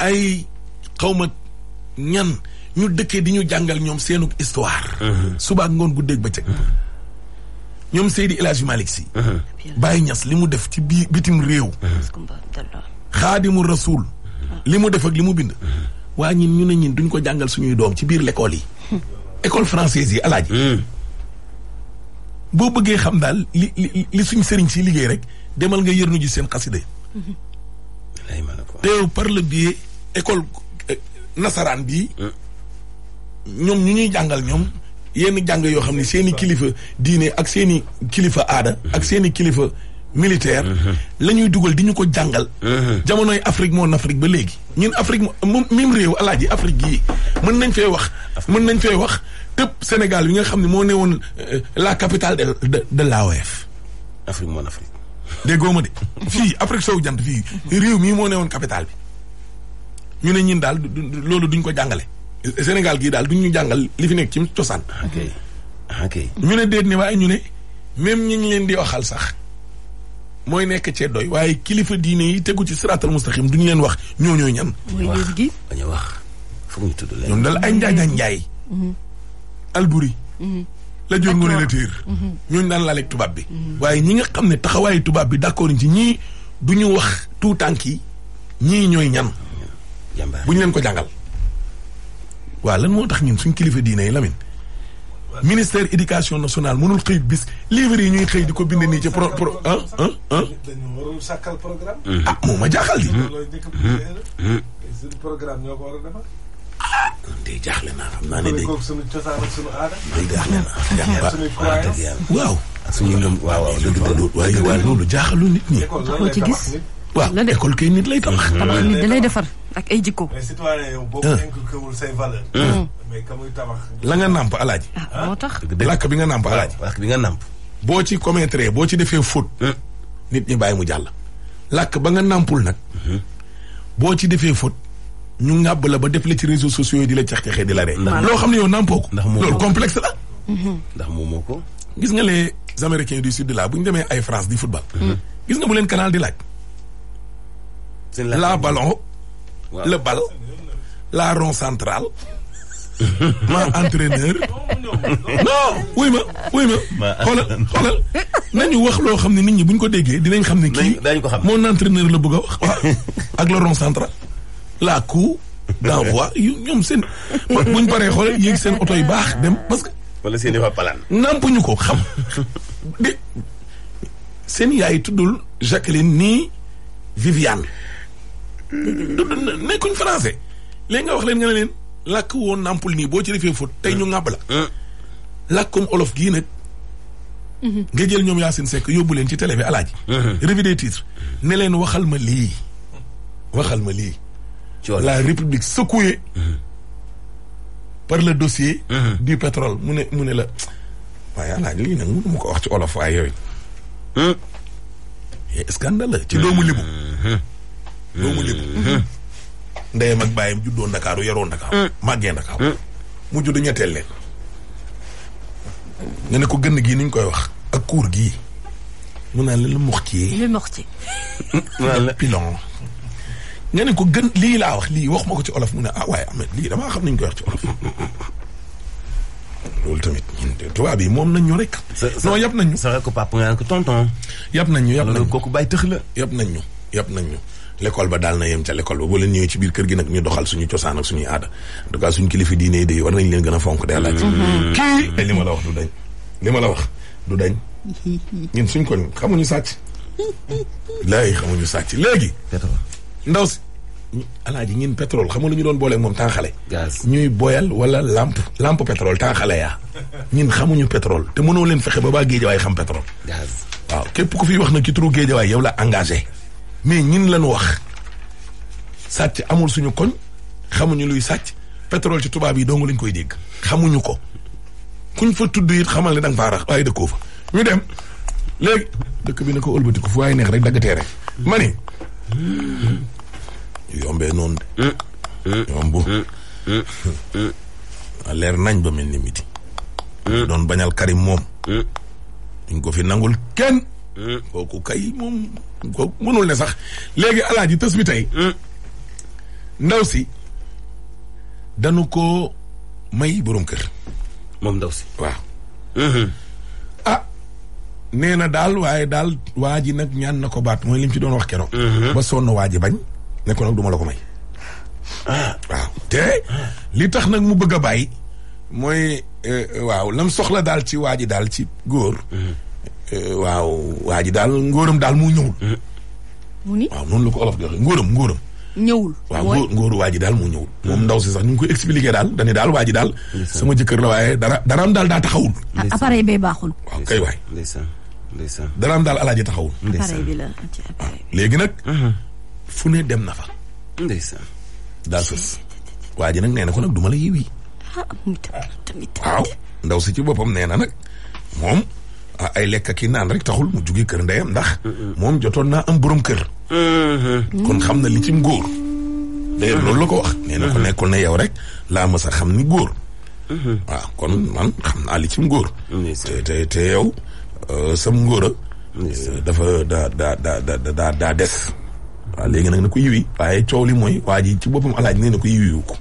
ay xawma ñan ñu dëkkee di ñu jàngal ñoom seenu histoire. Uh-huh. suba ak ngoon guddeeg bëccëg. Uh-huh. ñoom Seydi El Hadji Malick si bàyyi ñas li mu def ci biir bitim réew. Uh-huh. xaadimu rasuul. li mu def ak li mu bind. waa ñin ñu ne ñin duñ ko jàngal suñuy doom ci biir lekool yi. école française yi alaaji. Mm. boo bëggee xam daal li li suñ sëriñ si liggéey rek demal nga nu ji seen xasida mm-hmm. teew par le biais école euh, nasaraan bi ñoom ñu ñuy jàngal ñoom yenn jàng yoo xam ne seeni kilifa diine ak seen kilifa aada ak seen kilifa militaire uh-huh. la ñuy dugal di ñu ko jàngal uh-huh. jamonoy Afrique moon Afrique ba léegi ñun Afrique même réew ji Afrique gii mën nañ fee wax mën nañ fee wax tëpp Sénégal yi nga xam ne moo ne woon euh, la capitale de de l'AOF déggoo ma de fii après sow jant fii réew mii moo ne woon capital bi ñu ne ñun daal loolu duñ ko jàngale Sénégal gii daal duñ ñu jàngal li fi nekk ci cosaan ok ñu ne déet ni waaye ñu ne même ñi ñu leen di waxal sax mooy nekk cee doy waaye kilifa diine yi tegu ci siraatal mustaqim duñu leen wax ñoo ñooy ñan mooy gi dañu wax foog ñu tudd leen ñoom dal ay njaay njaay mhm. alburi mhm. la jur ngoone la téer mhm. ñooñu daan laaleeg tubaab bi waaye ñi nga xam ne taxawaayu tubaab bi d'accord ci ñii ñu wax tout tànk yi ñii ñooy ñan bu ñu leen ko jàngal waaw lan moo tax ñun suñ kilifa diine yi Lamine ministère éducation nationale mënul xëy bis livre yi ñuy xëy di ko bind nii ci pro pro ah ah a warul sàkkal programme. ah moo ma jaaxal di. Hmm. Hmm. Hmm. programme ñoo a defar. ah man de jaaxle xam naa ne de. kon suñu cosaan ak suñu aada. man jaaxle naa. ak suñu croyance waaw. ak suñu ngëm waaw waaw dëgg dëgg waaye loolu jaaxalu nit ñi. loo lay tabax. tabax nit da lay defar ak ay jikko. mais citoyen yow ah. say valeur. Ah. mais ka muy tabax. la nga nàmp alaaji. ah moo ah. tax. làkk bi nga nàmp alaaji. làkk bi nga nàmp. boo ci commettre boo ci defee faute. nit ñi bàyyi mu jàll. làkk ba nga nàmpul nag. Mm-hmm. boo ci defee faute. ñu ngàbb la ba def la ci réseaux sociaux yi di la cax-caxee di la ree loo xam ne yow nàmpoo ko loolu complexe la mm-hmm. ndax moom moo ko gis nga les américains du sud la bu ñu demee ay France di football mm-hmm. gis nga bu leen canal di laaj la ballon le bal la rond central ma entraîneur non wuy ma wuy ma xoolal na ñu wax loo xam ne nit ñi buñ ko déggee dinañ xam ne kii mon entraîneur la bëgg a wax ak le rond central la coup d'envoi yu ñoom seen buñ paree xoole yéeg seen oto yu baax dem parce que wala seen i fa palaan ko xam de seen yaay tuddul Jacqueline nii Viviane tudd nekkuñ français léegi nga wax leen nga ne leen làkk woon nàmpul nii boo ci defee faute tey ñu ŋàbb la làkkum olof gii nag mhm. nga jël ñoom Yacine Seck yóbbu leen ci télé bi alaaji mhm. revue des ne leen waxal ma lii waxal ma lii la république secouée par la dossier uh-huh. du pétrole mu ne mu ne la waaye alaaj lii nag mënu ma ko wax ci olof waaye yooyu eh, scandale ci doomu libu uh-huh. doomu libu uh-huh. ndeyam ak bàyyam juddoo ndakaaru yaroo am màggee am mu judd ñetteel leen nga ne ko gën gii ni ñu koy wax ak kuur gii mu naa la lu moxtier lu moxtier pilon nga ne ko gën lii laa wax lii wax ma ko ci olof mu ne ah waaye Ahmed lii damaa xam nañ ko wax ci olof loolu tamit tubaab yi moom nañ ñu rek. non yab nañ ñu. sa ko papa nga ko tonton. yab nañ ñu yab nañ ñu kooku bàyyi tëx la. yab nañ ñu yab nañ ñu. l'école ba daal na yem ca l'école ba boo leen ci biir kër gi nag ñu doxal suñu cosaan suñuy aada en tout cas suñu kilifa diine yi de war nañ leen gën a fonk de laaj. Mm-hmm. Mm-hmm. kii la wax du li ma la wax du dañ. suñ ko xamuñu sàcc. laay xamuñu sàcc léegi. ndaw si alaaji ñun pétrole xam nga lu ñu doon booleeg moom temps xale ñuy boyal wala làmp lampe pétrole temps xale yaa ñun xamuñu pétrole te mënoo leen fexe ba baa géejawaay xam pétrole waaw képp ku fi wax na ci turu géejawaay yow la engagé mais ñin lañu wax sàcc amul suñu koñ xamuñu luy sàcc pétrole ci tubaab yi dong lañ koy dégg xamuñu ko kuñ fa tudd it xamal ne danga faa rax waaye dëkkoo fa ñu dem léegi dëkk bi na ko ëlbatiku fu waaye neex rek daggatee rek ma yombee noonu de. Mm, mm, yomb. Mm, ah, leer nañ ba mel ni midi. doon bañal Karim moom. duñ ko fi nangul kenn. kooku kay moom ko mënul ne sax léegi alaaji tës bi tey. ndaw si danu ko may borom kër. moom ndaw si waaw. Mm-hmm. ah nee na daal waaye daal waa ji nag ñaan na ko baat mooy li mu ci doon wax keroog. Mm-hmm. ba sonn waa ji bañ. ne ko nag du la ko may. waaw te li tax nag mu bëgg a bàyyi mooy euh, waaw lam soxla daal ci waa ji daal ci góor. Euh, waaw waa ji daal ngóoram daal mu ñëwul. mu ni waaw noonu la ko olof di waxee ñëwul waaw ngóor ngóoru ji daal moo ñëwul. moom ndaw si sax ñu ngi koy expliqué daal dañuy daal waa ji daal. sama jëkkër la waaye dara daraam daal daa taxawul. Ah, appareil bee baaxul. waaw kay waay. ndeysaan ndeysaan daraam daal alaaji taxawul. léegi nag. Uh-huh. fune dem na fa. ndeysaan. daa sës. waa ji nag nee na ko nag la yiwi. ah ndaw si ci boppam nee na nag moom ah, ay lekk ki naan rek taxul mu jugee kër ndeyam ndax. moom jotoon naa am borom kër. Mm-hmm. kon xam na li ci góor. loolu la ko nee na ko mm-hmm. nekkul yow rek laa mës xam ni góor. Mm-hmm. waaw kon man xam naa li ci góor. te te te yow euh, sam ngóora. Euh, dafa daa daa daa des. waaw léegi nag na ko yiwi waaye coow li mooy waa ji ci boppam alaaj nee na ko yiwiwu ko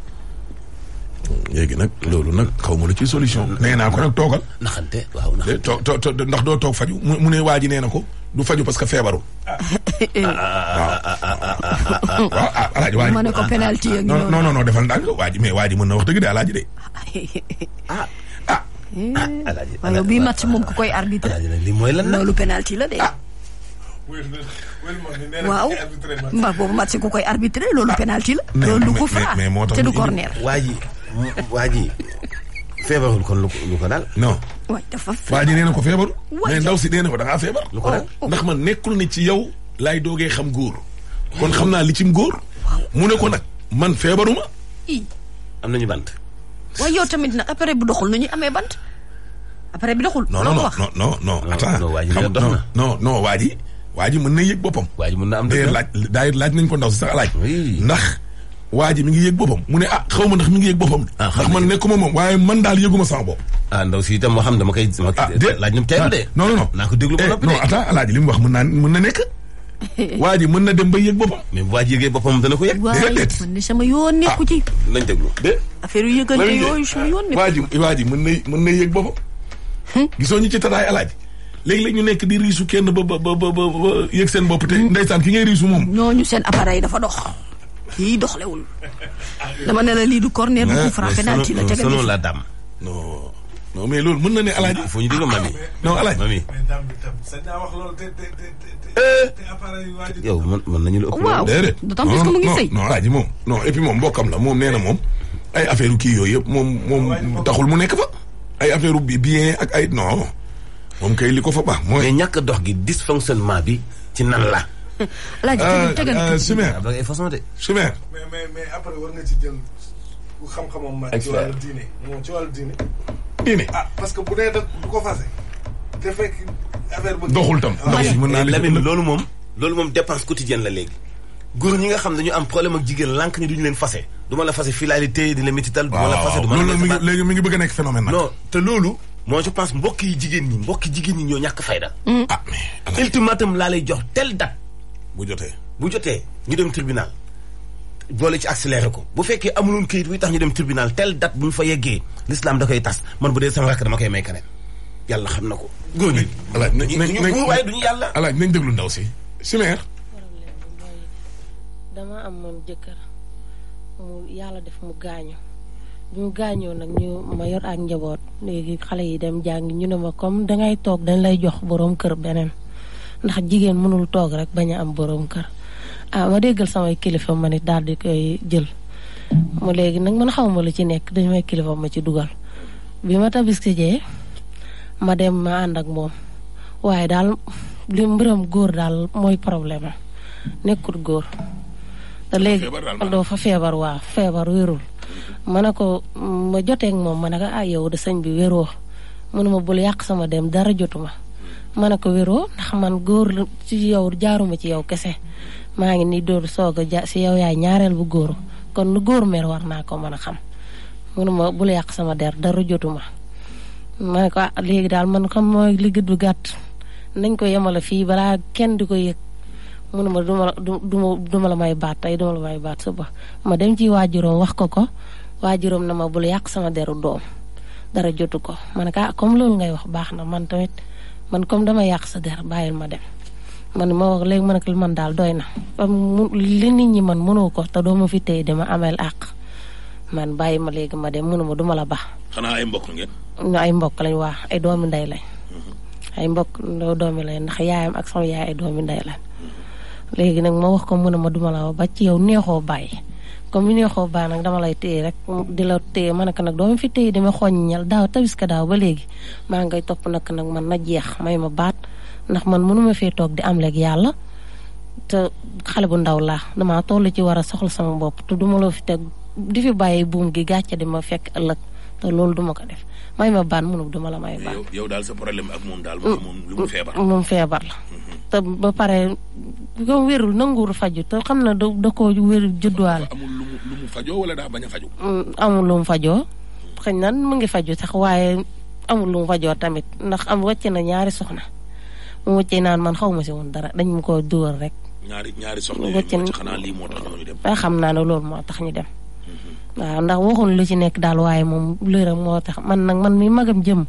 nag loolu nag xaw ma lu ci solution nee naa ko nag toogal naxante waaw naxante ndax doo toog faju mu ne waa ji nee na ko du faju parce que feebaru waaw ah, ah, alaaji waa ji ma ne ko penalty ak defal ndànk waa ji waa mën na wax dëgg de alaaji de ah ah alaaji bii match moom ku koy arbitre mooy lan loolu penalty la de ah. waaw mbaa boobu match ku koy arbitré loolu ah. penalty la. loolu du coup franc te du corner. waa ji waa ji feebarul kon lu lu ko daal. non. waay dafa fa waa ji nee na ko feebar. ndaw si nee na ko da ngaa feebar. lu ko daal oh, oh. ndax man nekkul ne ci yow laay doogee xam góor. kon xam naa li cim góor. mu ne ko nag man feebaruma. am nañu bant. waaye tamit nag après bu doxul nu ñuy amee bi doxul. noo non non non non. attends waa ji mën na yëg boppam. waa ji mën na am dëgg laaj daayir nañ ko ndaw si sax laaj. ndax waa mi ngi yëg boppam mu ne ah xaw ma ndax mi ngi yëg boppam. ah ndax man nekkuma moom waaye man daal yëguma sama bopp. ah ndaw si itam moo xam dama koy. Ah, laaj na mu teel de. Ah, non non non naa ko déglu ba eh, noppi de non attends alaaji li wax naa mën na nekk. waa ji mën na dem ba yëg boppam. mais waa ji boppam dana ko yëg. déedéet waaye man de sama yoon nekku ci. Ah, de. affaire yu yëgante yooyu sama yoon nekku ci. waa ji waa ji mën na mën na yëg boppam. gisoo ñu ci tataay alaaji léegi-léeg ñu nekk di riisu kenn ba ba ba ba yëg seen bopp te ndeysaan ki ngay riisu moom. ñooñu seen appareil dafa dox. yii doxlewul dama ne la lii du corner bu eh, franc penalty la tegal selon la dame. non mais loolu mën na ne alaaji. foo ñu déglu mami. Ah, non alaaji mami. Eh. yow mën mën nañu la ëpp. waaw moom non et moom mbokkam la moom nee na moom ay affaire kii yooyu yëpp moom moom taxul mu nekk fa ay affaire bi bien ak ay non. moom kay li ko fa baax mooy. mais ñàkk dox gi dysfonctionnement bi ci nan la. laaj tegal Chimère am façon de. Chimère. mais mais mais après war nga ci jël xam xam ma ci wàllu diine moom ci wàllu diine. diine ah parce que bu dee da du ko fase te fekk affaire doxul tam ah, doxul mën naa leen loolu moom. loolu moom dépense quotidienne la léegi. góor ñi nga xam dañu am problème ak jigéen lànk ni duñu leen fase du ma la fase finalité di métital. du la fase du ma la ngi bëgg a nekk phénomène nag. te loolu. moo je pense mbokk yi jigéen ñi mbokk jigéen ñi ñoo ñàkk fayda mm. ah mais ultimatum laa lay jox tel date bu jotee bu jotee ñu dem tribunal boole ci accéléré ko bu fekkee amuloon kayit wuy tax ñu dem tribunal tel date bu ñu fa yeggee l'islam da koy tas man bu dee sama rakk dama koy may keneen yàlla xam na ko góor ñi alaaj nañu duñu yàlla alaaj nañ déglu ndaw si si maire dama yàlla def mu gaañu ñu gaañoo nag ñu ma yor ak njaboot léegi xale yi dem jàngi ñu ne ma comme dangay toog dañ lay jox boroom kër beneen ndax jigéen mënul toog rek bañ a am boroom kër ah ma déggal samay kilifa ma ni daal di koy jël mu léegi nag man xaw ma lu ci nekk dañ may kilifa ma ci dugal bi ma tabiski jee ma dem ma ànd ak moom waaye daal li mbiram góor daal mooy problème nekkul góor te léegi doo fa feebar waa feebar wérul ma ne ko ma joteeg moom ma ne ko ah yow de sëñ bi wéroo mënu ma bul yàq sama dem dara jotuma ma ne ko wéroo ndax man góor la ci yow jaaruma ci yow kese maa ngi ni dóor soog a ja si yow yaay ñaareel bu góor kon lu góor mer war naa ko mën a xam mënu ma bul sama der dara jotuma ma ne ko ah léegi daal man comme mooy li gëdd gàtt nañ ko yemale fii balaa kenn di ko yëg mënu ma du ma la du ma la may baat tey du ma la baat suba ma dem ci waajuróom wax ko ko waajuróom na ma bul yàq sama deru doom dara jotu ko man ka ah, comme loolu ngay wax baax na man tamit man comme dama yàq sa der bàyyil ma dem. man ma wax léegi man ak daal doy na li nit ñi man mënoo ko te doo ma fi tey dama ameel àq man bàyyi ma léegi ma dem mënu ma du ma la baax. xanaa ay mbokk ngeen. ay mbokk lañ waa ay doomi ndey lañ. Mhm. ay mbokk doomi lañ ndax yaayam ak sama yaay ay doomi ndey lañ. léegi nag ma wax ko mu a ma duma la ba ci yow neexoo bàyyi comme yu neexoo bàyyi nag dama lay téye rek di la téye ma ne ko nag doo ma fi téye dama xooññal daaw daaw ba léegi maa ngay topp nag nag man na jeex may ma baat ndax man mënuma fee toog di am leeg yàlla te xale bu ndaw laa damaa toll ci war a soxla sama bopp te duma loo fi teg di fi bàyyi buum gi gàcce di ma fekk ëllëg te loolu duma ko def may ma baat munub duma la may baat yow daal sa problème ak mm, feebar la mm-hmm. te ba pare ko wérul nanguwul faju te xam na da koo wér judduwaale. amul fajoo wala daa bañ mm, mu fajoo xëy na mu ngi faju tax waaye amul lu mu fajoo tamit ndax am wàcce na ñaari soxna mu wàccee naan man xawma ma si woon dara dañ mu ko dóor rek. ñaari ñaari soxna moo tax xam naa ne loolu moo tax ñu dem. Mhm. waaw ndax waxuñ lu ci nekk daal waaye moom lëram moo tax man nag man mi magam jëm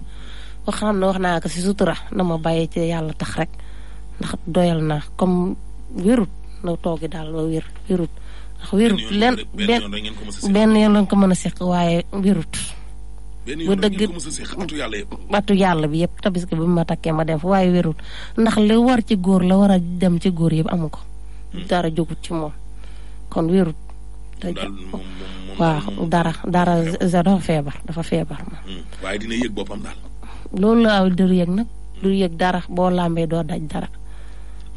wax xam wax naa ko si sutura na ma bàyyi ci yàlla tax rek ndax doyal naa comme wérut la toogi daal ba wérut ndax wérut len benn yoon lañ ko mën a seq waaye wérut ba dëgg batu yàlla bi yëpp tabiski bi ma takkee ma dem fa waaye wérut ndax li war ci góor la war a dem ci góor yëpp amu ko hmm. dara jógut ci moom kon wérut dara dara dafa feebar dafa feebar ma hmm. loolu la aw du yëg nag du hmm. yëg dara boo làmbee doo daj dara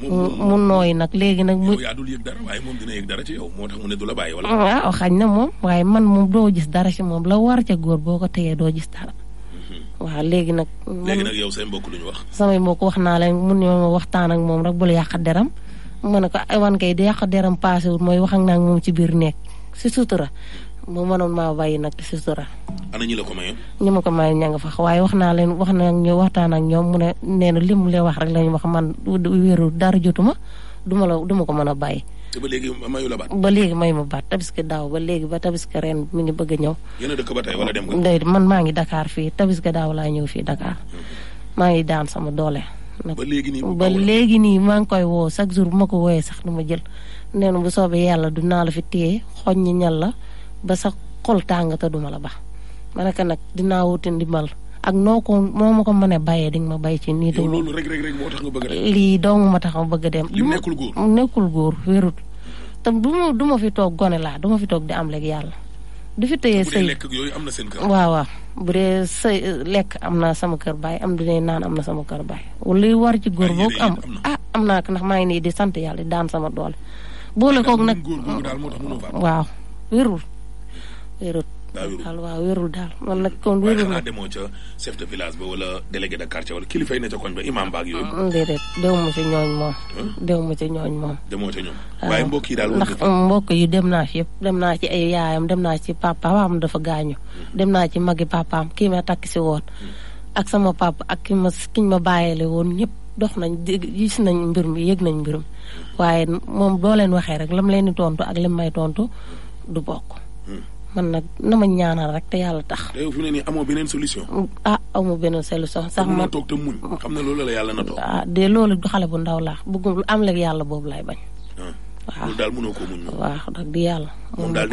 mu nooy nag léegi nag. mu yaa dul yëg dara waaye moom dina yëg dara ci yow moo tax mu ne du la bàyyi wala. Ah, waaw na moom waaye man moom doo gis dara ci moom la war ca góor boo ko teyee doo gis dara. Mm-hmm. waaw léegi nag. léegi nag yow say mbokk lu ñu wax. samay mbokk wax naa leen mun ñoo waxtaan ak moom rek bul yàq deram ma ne ko aywan kay di yàq deram paasewut mooy wax ak naa moom ci biir nekk si sutura mu mënoon maa bàyyi nag ci sutura. ana ko ma ko nga fa waaye wax naa leen wax na ñu waxtaan ak ñoom mu ne nee na li mu lay wax rek la ñu wax man wéeru dara jotuma duma la duma ko mën a bàyyi. te ba léegi mayu la baat. daaw ba léegi ba tabiski ren mi ngi bëgg a ñëw. yéen man maa ngi dakaar fii tabiski daaw laa ñëw fii dakaar maa ngi daan sama doole. ba léegi nii maa ngi koy woo chaque jour bu ma ko wooyee sax du ma jël nee na bu soobee yàlla du naa la fi téye xoñ ñi ñal la ba sa xol tàng te duma la ba ma ne ko nag dinaa wuti ndimbal ak noo ko moo ma ko mën a bàyyee di ma bàyyi ci nii. te loolu rek rek bëgg dem ma tax ma bëgg dem. li nekkul góor nekkul góor wérut. te du ma du ma fi toog gone laa du fi toog di am léegi yàlla. du fi tëyee sëy bu dee lekk yooyu am na bu dee lekk am naa sama kër baay am dinañ naan am na sama kër baay. luy war ci góor am ah am naa ko ndax maa ngi nii di sant yàlla daan sama doole. boole koog nag waaw wérul wérut daal waaw wérul daal man nag kon wérul xanaa demoo ca chef de village ba wala délégué de quartier wala kilifa yi ne ca koñ ba imam baag yooyu mm, déedéet dew ma ci ñooñ moom dew ma ci ñooñ moom demoo ca ñoom waaye mbokk yi daal ndax mbokk yi dem naa fi yëpp dem naa ci ay yaayam dem naa ci papaam dafa gaañu hmm. dem naa ci magi papaam kii ma takk si woon hmm. ak sama papa ak ki ma kiñ ma bàyyile woon ñëpp dox nañ gis nañ mbir mi yëg nañ mbir mi hmm. waaye moom doo leen waxee rek lam leen di tontu ak lim may tontu du bokk man nag na ma ñaanal rek te yàlla tax. te yow fi mu ne nii amoo beneen solution. ah amoo beneen solution. sax ma toog te muñ xam na loolu la yàlla na toog. Ah, de loolu du xale bu ndaw laax bëggum am léegi yàlla boobu laay bañ. Ah, waaw loolu yàlla. moom daal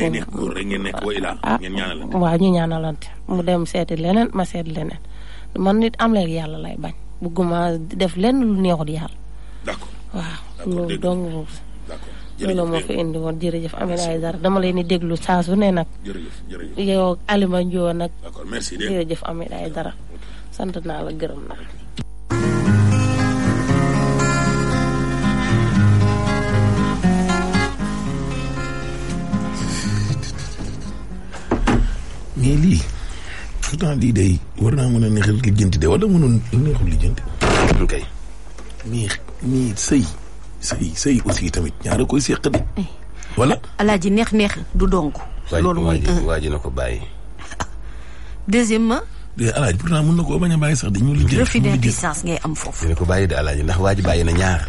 day ah, mu dem seeti leneen ma seeti leneen man nit am yàlla lay bañ bëgguma def lenn lu neexut yàlla. d'accord d'accord loolu dong. d'accord. loolu moo fi indi woon jërëjëf dama leen di déglu saa ne nag. jërëjëf jërëjëf yow Alima Ndio nag. d'accord merci ay dara Aidara sant naa la gërëm naa mais lii pourtant lii day war naa mën a neexal lijjanti de wala mënoon neexul lijjanti. kay. miir miir sëy. sëy sëy aussi tamit ñaara koy séq de. wala eh. alaaji neex neex du donk loolu mooy un na ko bàyyi. deuxièmement. de alaaji pourtant mën na koo bañ a bàyyi sax di liggéey. refus d'impuissance ngay am foofu. dina ko bàyyi de alaaji ndax waa ji bàyyi na ñaar.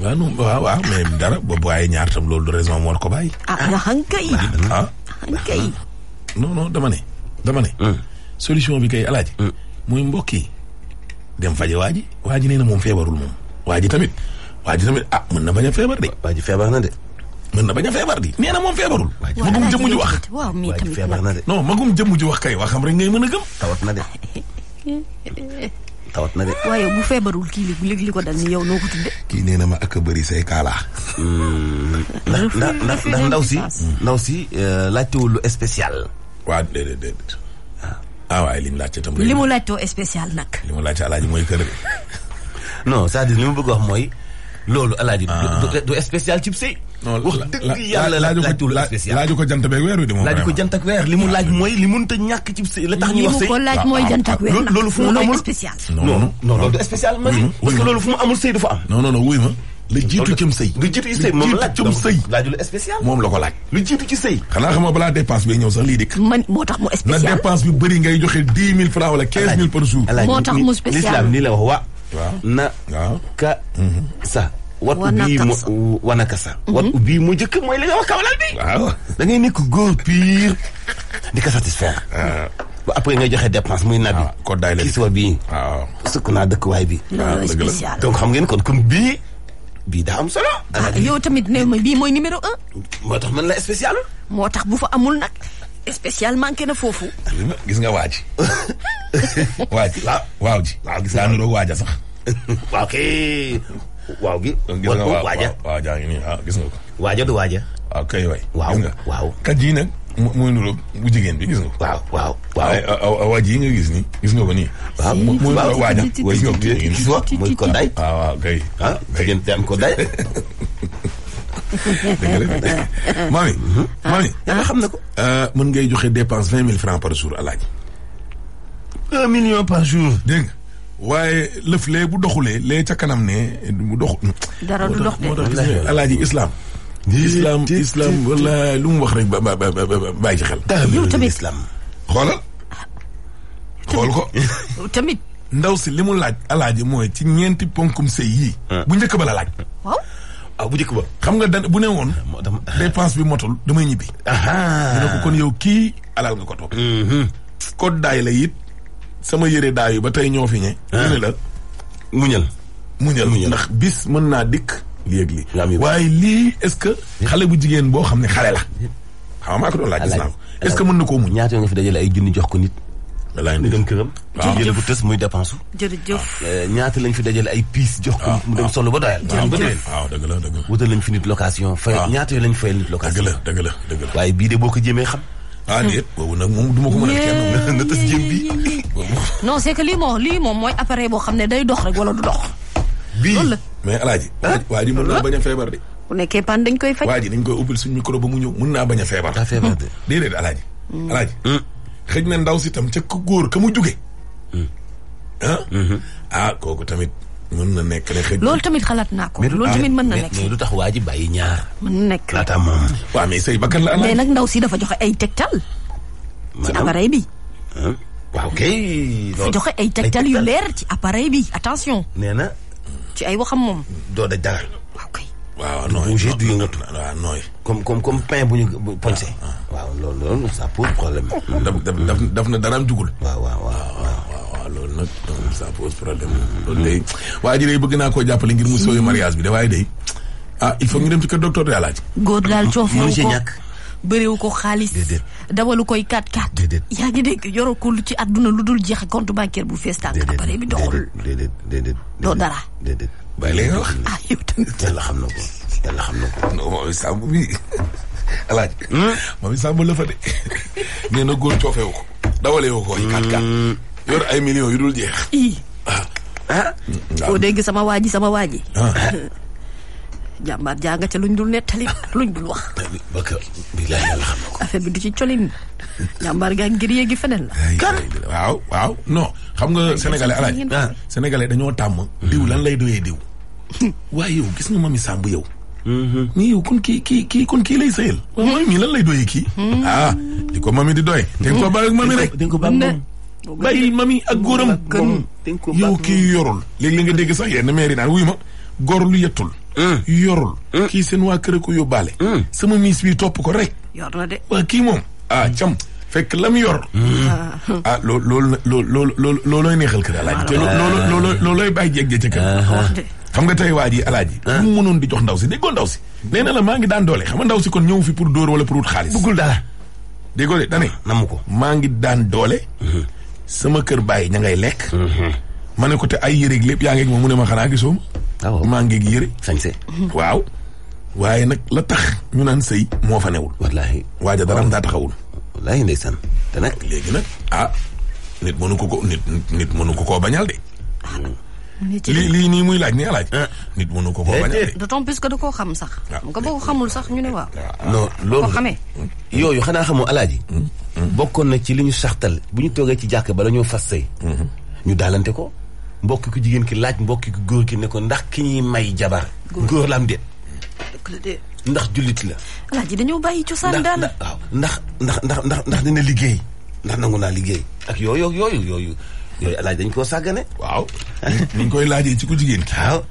waaw non waaw waaw mais dara boobu waaye ñaar tam loolu raison moo war ko bàyyi. ah waxan kay. ah kay. non non dama ne dama ne. Mm. solution bi kay alaaji. Mm. mu mbokk yi dem faje waa ji. waa ji nee na moom feebarul moom. waa ji tamit. waaj ji tamit ah, mën na bañ a feebar de. waa feebar na de. mën na bañ feebar di nee na moom feebarul. magum jëmm ji wax waaw mais tamit feebar na de. non magum jëmm ji wax kay waxam rek ngay mën a gëm. tawat na de. tawat na de. waaye bu feebarul kii léegi li ko dal ni yow noo ko tudde kii nee na ma ak a bëri say kaala. ndax ndax ndax ndaw si. ndaw si euh, laajtewul lu spécial. waaw déedéet déedéet. ah, ah waaye li mu laajte tam. li mu laajtoo spécial nag. li mu laajte alaaji mooy kër bi. non c'est-à-dire li wax mooy. loolu alaaji ah. du spécial cib sëy wax dëgg yàlla laajul spécial weer wi de moom laaju ko jant li mu ah. laaj mooy li mënut a ñàkk cib sëy la tax ñuy mooy ah, jant ak weer loolu fu mu amul spécial non non loolu du spécial ma parce que loolu fu mu amul sëy du fa am non non non wuy ma la jiitu cëm sëy lu jiitu ci sëy moom laaj cëm sëy laaju la spécial moom la ko laaj lu jiitu ci sëy xanaa xam nga balaa dépense bi ñëw sax lii dikk man moo tax mu spécial bi bëri ngay joxe dix mille francs wala quinze mille par jour moo tax mu spécial la wax waa Mhm. wat ubbi mo wanakasa wat ubbi moo njëkk mooy li nga wax kawalal bi waaw da ngay nekk góor pire di ko satisfaire ah. ba après ngay joxe dépense muy nabi ah, ko daay la kii bii waaw ah. sukk naa dëkkuwaay bi donc xam ngeen kon comme bii bii daa am solo yow tamit ne ma bii mooy numéro un moo tax man la spécial moo tax bu fa amul nag spécial manqué na foofu gis nga waaj waaj waaw waaw ji waaw gis nga nuroo waaja sax waaw kay waaw gi. gis nga waaw waaw nii ah gis waaja du waaw ah, kay waay. waaw waaw kat jii nag mooy jigéen bi gis nga ko. waaw waaw waaw. yi nga gis ni gis nga ko nii. Ah, waaw mooy nuroo waaja. gis nga ko gis nga ko xam na ko. Euh, mën ngay joxe dépense vingt mille francs par jour alaaji. million par jour dégg waaye lëf lee bu doxulee lee ca kanam ne mu dox. dara du dox de. lu mu wax rek ba ba ba bàyyi ci xel. yow tamit islam. xoolal. xool ko. tamit. ndaw si li mu laaj alaaji mooy ci ñeenti ponkum sëy yii. Ah. bu njëkk ba la laaj. waaw. Ah, bu njëkk ba. xam nga da bu ne woon. Ah, dépense bi motul damay ñibbi. ñu ko kon yow kii alal nga ko topp. Mm-hmm. daay la sama yére daa yu ba tey ñoo fi ñe. ñu ah. ne la muñal. muñal ndax bis mën naa dikk léeg lii waaye lii est-ce que xale bu jigéen boo xam ne xale la xaw maa ko doon laaj gis naa ko est-ce que mën na koo muñ ñaata yoo nga fi dajale ay junni jox ko nit walaay mu dem këram waaw jële bu tës muy dépense jërëjëf ah. euh, ñaata lañ fi dajale ay jox ko ah, nit mu dem solo ba doyal ba doyal waaw dëgg wutal lañ fi nit location fay ñaata yoo lañ fayal nit location dëgg la dëgg la waaye bii de boo ko jéemee xam ah déet hmm. boobu nag moom ko mën a kenn na tas jëm bi non lii moom lii mooy appareil boo xam ne day dox rek wala du dox. bii mais alaaji waa ji mën naa bañ a feebar de. bu nekkee pan dañ koy faj. waa ji dañ koy ubbil suñ micro ba mu ñëw mun naa bañ a feebar. daa feebar de hmm. déedéet alaaji. Hmm. alaaji. xëj na ndaw si tam ca ku góor ka mu juge. ah kooku tamit. mën na nekk rek xëy loolu tamit xalaat naa ko. loolu tamit ah, mën na nekk mais lu tax waa ji bàyyi ñaar. mën na nekk laata moom. waaw mais sëy bakkan la. mais nag ndaw si dafa joxe ay tegtal. ci appareil bi. waaw kay. ay tegtal yu leer ci appareil bi attention. nee na. ci ay waxam moom. doo da dara. waaw kay. waaw nooy du du yëngatu. comme comme comme bu ñu poncé. Ah, ah. waaw lool loolu sa pose problème. daf daf daf na daraam jugul. waaw loolu nag donc ça pose waaye ji day bëgg naa koo jàppale ngir mu sooyu mariage bi de waaye day ah il faut ñu dem ci kër docteur yàllaaj góor daal coof yow ko bëriwu ko xaalis dawalu koy kat kat yaa ngi dégg yorokul lu ci àdduna lu dul jeex compte bancaire bu fees tànk appareil bi doxul doo dara bàyyi la nga wax ah yow tamit yàlla xam na ko yàlla xam na ko non moom sàmb bi alaaj hmm? moom sàmb la fa de nee na góor coofewu ko dawalee wu ko kat kat hmm. yor ay millions yu dul ah. Ah. Mm, sama waa ji sama waa ah. luñ dul nettali luñ wax. bilaay yàlla jàmbaar gaa ngir yéegi feneen waaw waaw xam nga sénégalais alaaj ah dañoo tàmm. diw lan lay doyee diw. waaye yow gis nga mami Samb yow. mais mm-hmm. yow kun kii kii kii kon kii lay sëyal. waaw mm-hmm. mami lan lay doyee kii. Mm-hmm. ah di ko mami di doy. te nga ko bàyyi ak mami rek. bàyyil mami ak góoram yow kii yorul léegi-léeg nga dégg sax yenn maire yi naan wuy ma góor lu yettul hmm. yorul hmm. kii seen waa kër ko baale hmm. sama miis bi topp ko rek yor na de waa kii moom ah cam fekk lam yor ah lool loolu loolu loolu loolooy neexal kër alaaji te loolu loolooy bàyyi jeeg ja ca kër xam nga tey waa ji alaaji lu mu mënoon di jox ndaw si déggoo ndaw si nee na la maa ngi daan doole xam nga ndaw si kon ñëw fi pour dóor wala pour wut xaalis bëggul dara déggoo de dane ah, namu ko maa ngi daan doole sama kër bàyyi ña ngay lekk. Mhm. ma ne ko te ay yëreeg lépp yaa ngi ak mu ne ma xanaa gisoo ma. Ah maa ngi yëre. sañse waaw. waaye nag la tax ñu naan sëy moo fa newul. wallaahi waaja daram daa taxawul. wallaahi ndeysaan te nag. léegi nag ah nit mënu ko ko nit nit ko koo de. Hmm. lii lii nii muy laaj nii alaaj eh. nit mënu ko koo bañ a. d'autant plus que da koo xam sax. waaw ah. ko boo xamul sax ñu ne waaw. Ah. non loolu xamee. yooyu xanaa xamu alaaji. Hmm. Hmm. bokkoon na ci li ñu saxtal bu ñu toogee ci jàkk ba la ñoo fas sëy hmm. ñu daalante ko mbokki ku jigéen ki laaj mbokki ku góor ki ne ko ndax ki ñuy may jabar. góor la am déet. ndax jullit la. alaaji dañoo bàyyi cosaan daal ndax waaw ndax ndax ndax ndax dina liggéey ndax nangu naa liggéey ak yooyu yooyu yooyu. yooyu alaaj dañ koo sàggane. waaw ni koy laajee ci ku jigéen ki. waaw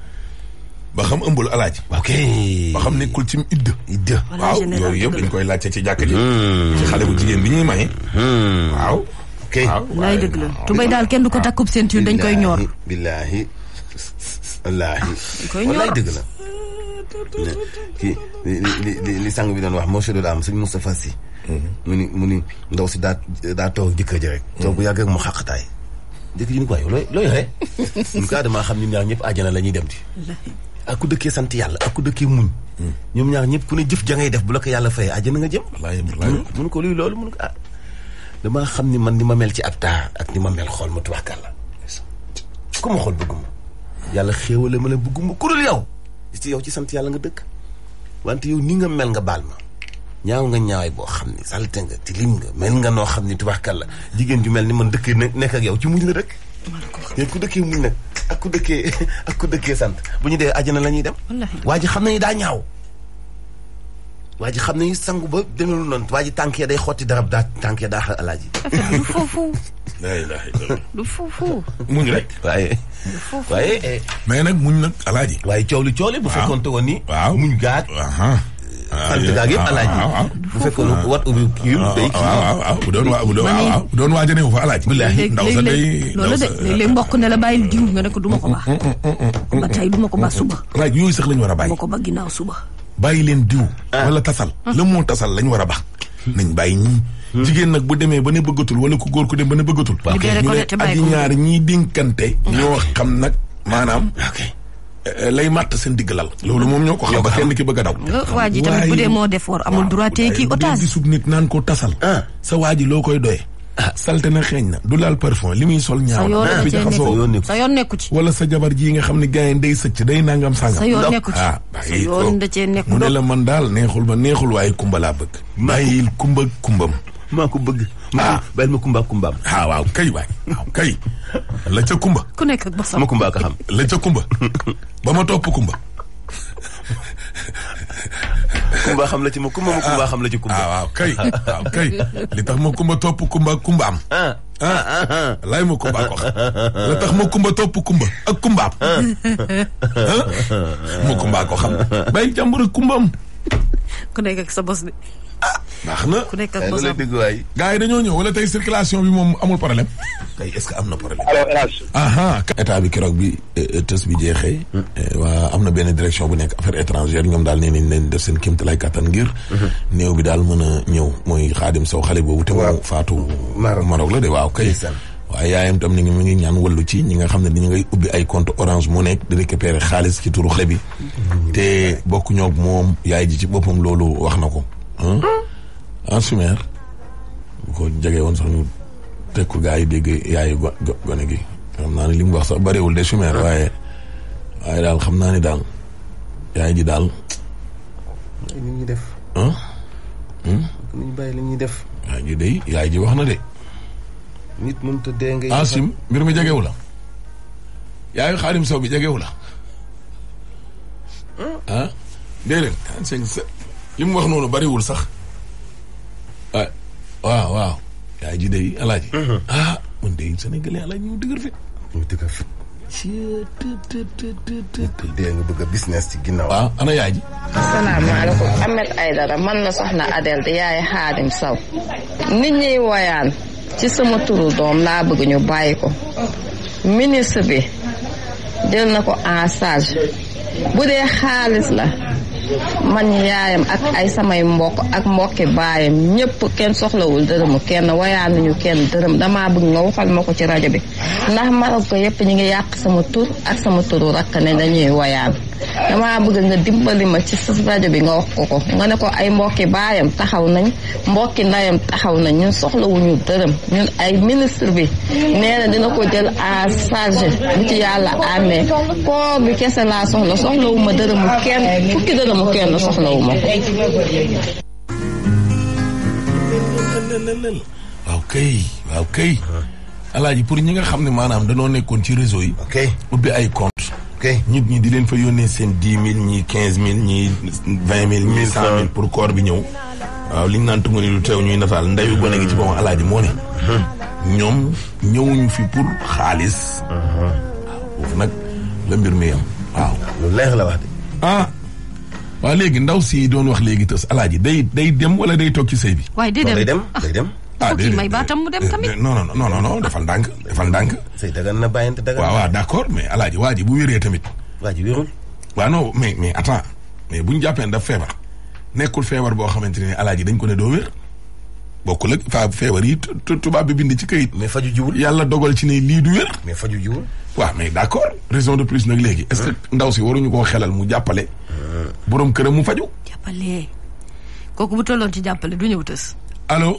ba xam ëmbalu alaaj. ok ba xam nekkul ci idd. idd waaw yooyu yëpp dañ koy laajte ci jàkk ji. Hmm. ci xale bu jigéen bi ñu maye. Hmm. waaw. ok lay dëgg la tubay daal kenn du ko takkub ceinture dañ dañ koy ñoor dëgg la. kii li li sang bi daan wax moo si doon am sëñ Moustapha Sy. Hmm. mu ni ndaw si daa daa toog jëkkër ji rek. toog bu yàgg mu xàqtaay. jëkk ji ni quoi yow looy looy yore mun kaa damaa la ñuy dem ti ah, ku dëkkee sant yàlla ak ah, ku dëkkee muñ hmm. ñoom ñaar ñëpp ku ne jëf ja ko yàlla hmm? ko luy loolu ah. damaa xam ni man ni ma mel ci ab taar ak ni ma mel xool ma tubaakal la ku ma xool bëgguma yàlla xéewale ma la bëgguma ku dul yow ci yow ci sant yàlla nga dëkk wante yow ni nga mel nga baal ma ñaaw nga ñaaway boo xam ni salte nga tilim nga mel nga noo xam ni tubaakal la jigéen ju mel ni man dëkkee nekk ak yow ci muñ la rek yéen ku dëkkee muñ nag ak ku dëkkee ak ku dëkkee sant bu ñu dee àjjana la ñuy dem waa xam nañu daa ñaaw xam nañu sangu ba demelu noonu waa ji day xotti darab daa tànk ya daa xar alaaji du muñ rek waaye waaye eh. mais nag muñ nag alaaji waaye coow li coow li bu fekkoon te woon ni muñ gaat sant gaag yëpp alaaji ah, ah, ah. bu fekkoon wat ubbi kii day kii bu doon waa bu doon waaw bu doon waajane wu fa alaaji billaahi ndaw sa day loolu de léeg-léeg mbokk ne la bàyyil diw nga ne du ma ko baax mm, mm, mm, ba tey du ma ko sax lañ war a bàyyi du ma ko baax ginnaaw suba bàyyi leen diw wala tasal la moo tasal lañ war a baax nañ bàyyi ñii hmm. jigéen nag bu demee ba ne bëggatul wala ku góor ku dem ba ne bëggatul ñu ne ak ñaar ñiy dénkante ñoo xam nag maanaam Eh, lay màtt seen diggalal loolu moom ñoo ko xam ba kenn ki bëgg a daw waa ji tamit bu dee moo def war amul droit tey kii otage gisub nit naan ko tasal ah. sa waa ji loo koy doyee ah. salte na xeeñ na du laal parfum li muy sol ñaaw na bi jaxasoo sa yoon nekku ci wala sa jabar jii nga xam ne gars yi day sëcc day nangam sàngam sa yoon nekku ci ah, sa yoon da mu ne la man daal neexul ba neexul waaye kumba laa bëgg bàyyil kumba kumbam maa ko bëgg. ah bàyyil ma kumba kumbaam. ah waaw kay waay waaw kay. la ca kumba. ku nekk ak bosam ma kumba ka xam. la ca kumba ba ma topp kumba. kumba xam la ci ma kumba ma kumba xam la ci kumba. ah waaw kay waaw kay li tax ma kumba topp kumba ak kumbaam. ah ah laay ma kumba ko xam. la tax ma kumba topp kumba ak kumbaam. ah, ah. ma kumba ko xam. bàyyi jàmbur ak kumbaam. ku nekk ak sa bos de. naax na ku nekk yi dañoo ñëw wala tey circulation bi moom amul problème. tey est-ce que am na problème. alors érage. état bi keroog bi eh, eh, tës bi jeexee. Hmm. Eh, waa am na benn direction bu nekk affaire étrangère ñoom daal nee nañ leen def seen ka kattan ngir. Hmm. néew bi daal mën a ñëw mooy xaadim sow xale boobu. te mu faatu Maroc la de waaw kay. waaye yaayam tam ni ngi mu ngi ñaan wallu ci ñi nga xam ne dañu ngay ubbi ay compte orange mu nekk di récupérer xaalis ci turu xale bi. Hmm. te bokk moom yaay ji ci boppam loolu wax na ko. Ansoumère bu ko jege woon sax ñu tekku gaa yi dégg yaayu go gone gi xam naa ne li wax sax bariwul de Choumer ah. waaye waaye daal xam naa ne daal yaay ji daal. li def. ah. li hmm? ñu bàyyi li yaay ji wax na de. nit mënut a mbir mi jegewu la. yaayu xaarim saw bi jegewu la. ah wax noonu bariwul sax. Ah, waaw waaw. yaa ji day alaaji. Uh-huh. ah man de sénégalais alaaji ñu dëgër fit. ñu dëgër fit. sëë të të a waaw ana yaa ji. asalaamaaleykum Ahmed Aidara man na soxna Adel di yaay Xaadim Saw. nit ñiy woyaan ci sama turu doom laa bëgg ñu bàyyi ko. ministre bi jël na ko en charge bu dee xaalis la. man yaayam ak ay samay mbokk ak mbokki baayam ñëpp kenn soxlawul dërëmu kenn wayaanuñu kenn dërëm dama bëgg nga waxal ma ko ci rajo bi ndax marok ko yëpp ñi ngi yàq sama tur ak sama turu rakk ne dañuy wayaan damaa nga dimbali ma ci sa rajo bi nga wax ko ko nga ne ko ay mbokki baayam taxaw nañ mbokki ndayam taxaw nañ ñu soxlawuñu dërëm ñun ay ministre bi nee dina ko jël à charge bu ci yàlla amee koor kese laa soxla soxlawuma dërëmu kenn fukki dërëm kanamu kenn soxlawu ma ko. waaw kay waaw kay. pour ñi nga xam ne maanaam danoo nekkoon ci réseau yi. ok ubbi ay compte ok nit ñi di leen fa yónnee seen dix mille ñii quinze mille ñi vingt mille. ñii cent mille pour koor bi ñëw. waaw li naan tungu ni lu teew ñuy nataal ndeyu gone gi ci boppam alaaji moo ne. ñoom ñëwuñu fi pour xaalis. waaw nag la mbir mi yam waaw. lu leer la wax de. Ah, waaw léegi ndaw si doon wax léegi tës alaaji day day dem wala day toog ci sëy bi. waaye day dem day dem day dem. ah day ah, may baatam mu dem eh, tamit. non non non non defal ndànk defal ndànk. sëy dagan na bàyyante dagan. waaw waaw mais alaaji waa ji bu wéree tamit. waa ji wérul. waaw non mais mais attends mais bu ñu jàppee ne daf feebar nekkul feebar boo xamante ne alaaji dañ ko ne doo wér. bokkul ak fa feebar yi tubaab bi bind ci kayit. mais faju jiwul yàlla dogal ci ne lii du wér. mais faju jiwul. waaw mais d'accord raison de plus nag léegi est-ce que ndaw si waruñu koo xelal mu jàppale borom këram mu faju jàppale kooku bu tolloon ci jàppale du ñëw tës allo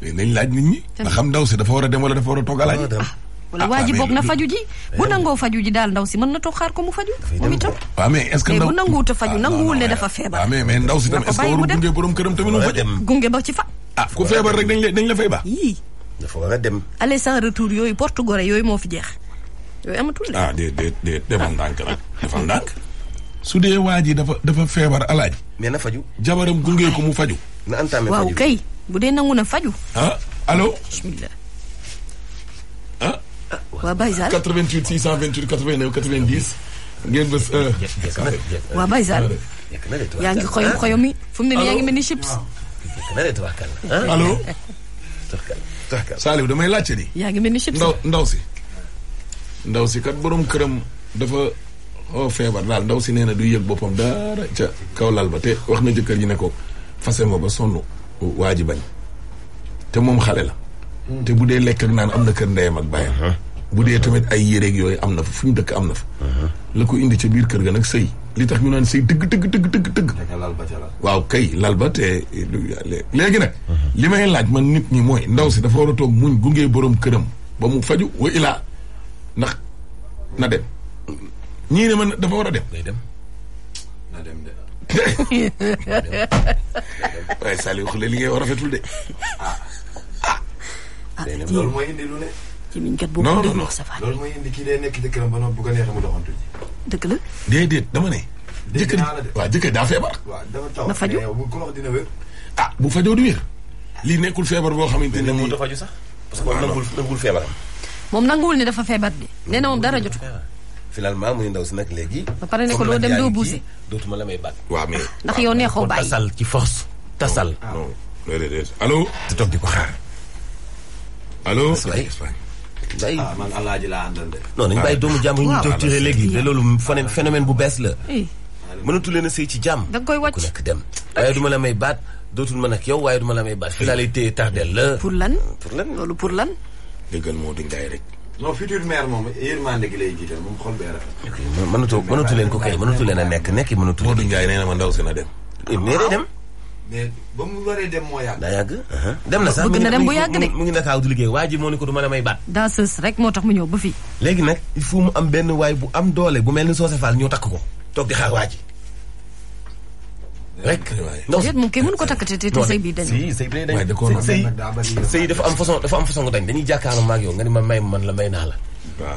mais nañ laaj nit ñi nga xam ndaw si dafa war a dem wala dafa war a toog a laaj ah, wala ah, waa ji boog na faju ji bu nangoo faju ji daal ndaw si mën na toog xaar ko mu faju moom itam waaw ah, mais est-ce que ndaw bu nanguwut a faju nanguwul ne dafa feebar waaw mais mais ndaw si tam est-ce que waru gunge borom këram tamit mu faju gunge ba ci fa ah ku feebar rek dañ la dañ la fay ba dafa war a dem. aller sans retour yooyu porte gore yooyu moo fi jeex yooyu amatul la. ah déedéet déet defal ndànk nag defal ndànk. su dee waa ji dafa dafa feebar alaaj. mais na faju. jabaram gunge ko mu faju. na antaame faju waaw kay bu dee nangu na faju. ah allo. bismillah. ah. waa Baye Sall 88 628 89 90. ngeen bës. waa Baye Sall. yaa ngi xoyom xoyom yi fu mu ne nii yaa ngi mel ni chips. allo. Saliou damay laajte ni. yaa ngi mel ni ndaw ndaw si. ndaw si kat boroom këram dafa oh, feebar daal ndaw si nee na du yëg boppam dara ca kaw lal ba te wax na jëkkër ji ne ko fase ma ba sonn waa ji bañ te moom xale la. Hmm. te bu dee lekk ak naan am na kër ndeyam ak bàyyam. Uh-huh. bu dee tamit ay yéreeg yooyu am na fa fu ñu dëkk am na fa. Uh-huh. la ko indi ca biir kër ga nag sëy li tax ñu naan si dëgg dëgg dëgg dëgg dëgg waaw kay lal ba te eh, léegi nag li may laaj man nit ñi mooy ndaw si dafa war a toog muñ gungee borom këram ba mu faju wa ilaa ndax na dem ñii ne man dafa war a dem day dem na dem de waaye Saliou xule li ngay war a rafetul de ah. ah, loolu mooy indi lu ne non non non loolu mooy indi kii day nekk jëkkëram ba noppi bu ko neexee mu doxantu ji dëgg la. déedéet dama ne. dégg naa la de waaw jëkkër daa feebar. waaw dafa na faju bu ko ah bu fajoo du wér. lii nekkul feebar boo xamante ne nii. dafa faju sax parce que moom nanguwul nanguwul feebaram. moom nanguwul ne dafa feebar bi. nee moom dara jotu ko. finalement muy ndaw si nag léegi. ba pare ne ko doo dem doo buuse. dootuma la may baat. waaw mais ndax yow neexoo bàyyi tasal ci force tasal. Ah. non non déedéet te toog di ko xaar. allo. day ah laa àndal de. non bàyyi doomu jàmm yi ñu torturé léegi de loolu phénomène bu bees la. mënatul leen a sëy ci jàmm. da koy wàcc ku nekk dem. waaye duma la may baat dootul man ak yow waaye duma la may baat fii laa lay téye tardel la. pour lan pour lan loolu pour lan. dëggal moo di rek. non futur maire moom yërmande gi lay jiital moom xol bee leen ko kay mënatu leen a nekk nekk mënatu. Modou Ndiaye nee na ma ndaw si na dem. mais eh, dem. mais ba mu waree dem moo yàgg. daa yàgg. Uh-huh. dem na sax bëgg na dem bu yàgg de mu ngi nakaaw di liggéey waa ji moo ni ko du ma may baat. danseuse rek moo tax mu ñëw ba fii. léegi nag i faut mu am benn waay bu am doole bu mel ni Socé Fall ñëw takk ko toog di xaar waa ji rek. ndaw si moom kay mënu ko takk te te sëy bi dañ. si sëy bi dañ sëy dafa am façon dafa am façon dañ dañuy jàkkaarloo ma ak yow nga ni ma may man la may naa la.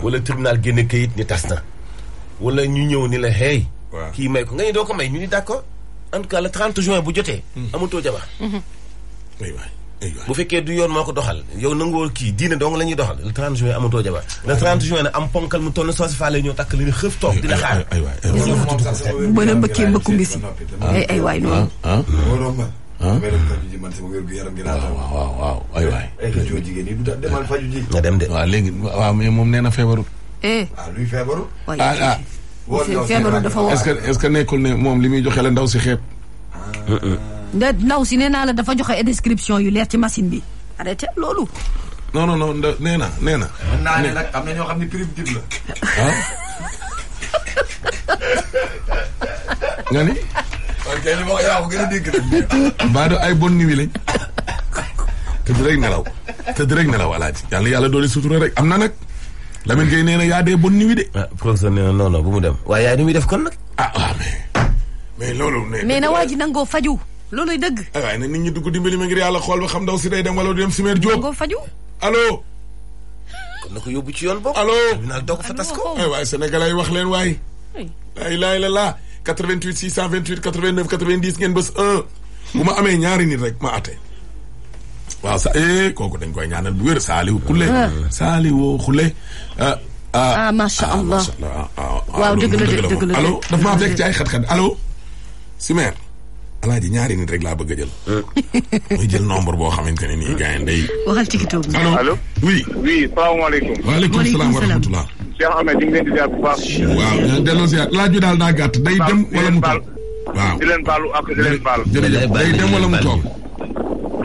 wala tribunal génne kayit ni tas na. wala ñu ñëw ni la hey. kii may ko nga ni doo ko may ñu ni d'accord en tout cas le 30 juin bu jotee. Mhm. amatoo jabar. Mhm. bu fekkee du yoon moo ko doxal yow nanguwoo kii diine dong la ñuy doxal le 30 juin amatoo jabar. le 30 juin am ponkal mu toll soosi faa lay takk li xëf toog di la xaar. mën a mbëkkee mbëkku ngi si. Ah, ay ay waay nga ah, ah, dem de waaw léegi waaw moom nee feebaru. Eh. ah feebaru dafa woo. est-ce que est-ce que ne moom li muy joxe la ndaw si xeeb. ndaw si ne naa la dafa joxe description yu leer ci machine bi arrêté loolu. non non non ndaw nee na nee na. mën naa ne nag am na ñoo xam ne prime dib la. Ah? nga ni. ok a dégg rek. Baado ay bonne nuit lañ. tëdd yàlla yàlla doole am na nag. Lamine Gueye nee na yaa dee bonne nuit de. ah professeur nee na mu dem waaye yaay ni muy def kon nag. ah waaw ah, mais mais loolu. mais na waa ji nangoo faju looluy dëgg. Eh, waaye nag nit ñi dugg dimbali ma ngir yàlla xool ba xam ndaw si day dem wala du dem Simeer Diop. nangoo faju allo. kon na ko yóbbu ci yoon boobu. allo tribunal doo ko fa tas ko. Eh, waaye sénégalais yi wax leen waaye laa laay la laa 88 628 89 90 ngeen bës 1 bu ma amee ñaari nit rek ma àtte. waaw sa eh kooku dañ koy ñaanal bu wér Saliou Khoule. Saliou Khoule. ah macha allah waaw dëgg la dëgg la allo dafa ñaari nit rek laa bëgg a jël. Ah. muy boo xamante ne nii gars yi ndey. waxal ci kitoo bi allo allo. oui oui salaamaaleykum. waaleykum salaam wa daal daa gàtt day dem wala mu toog. waaw di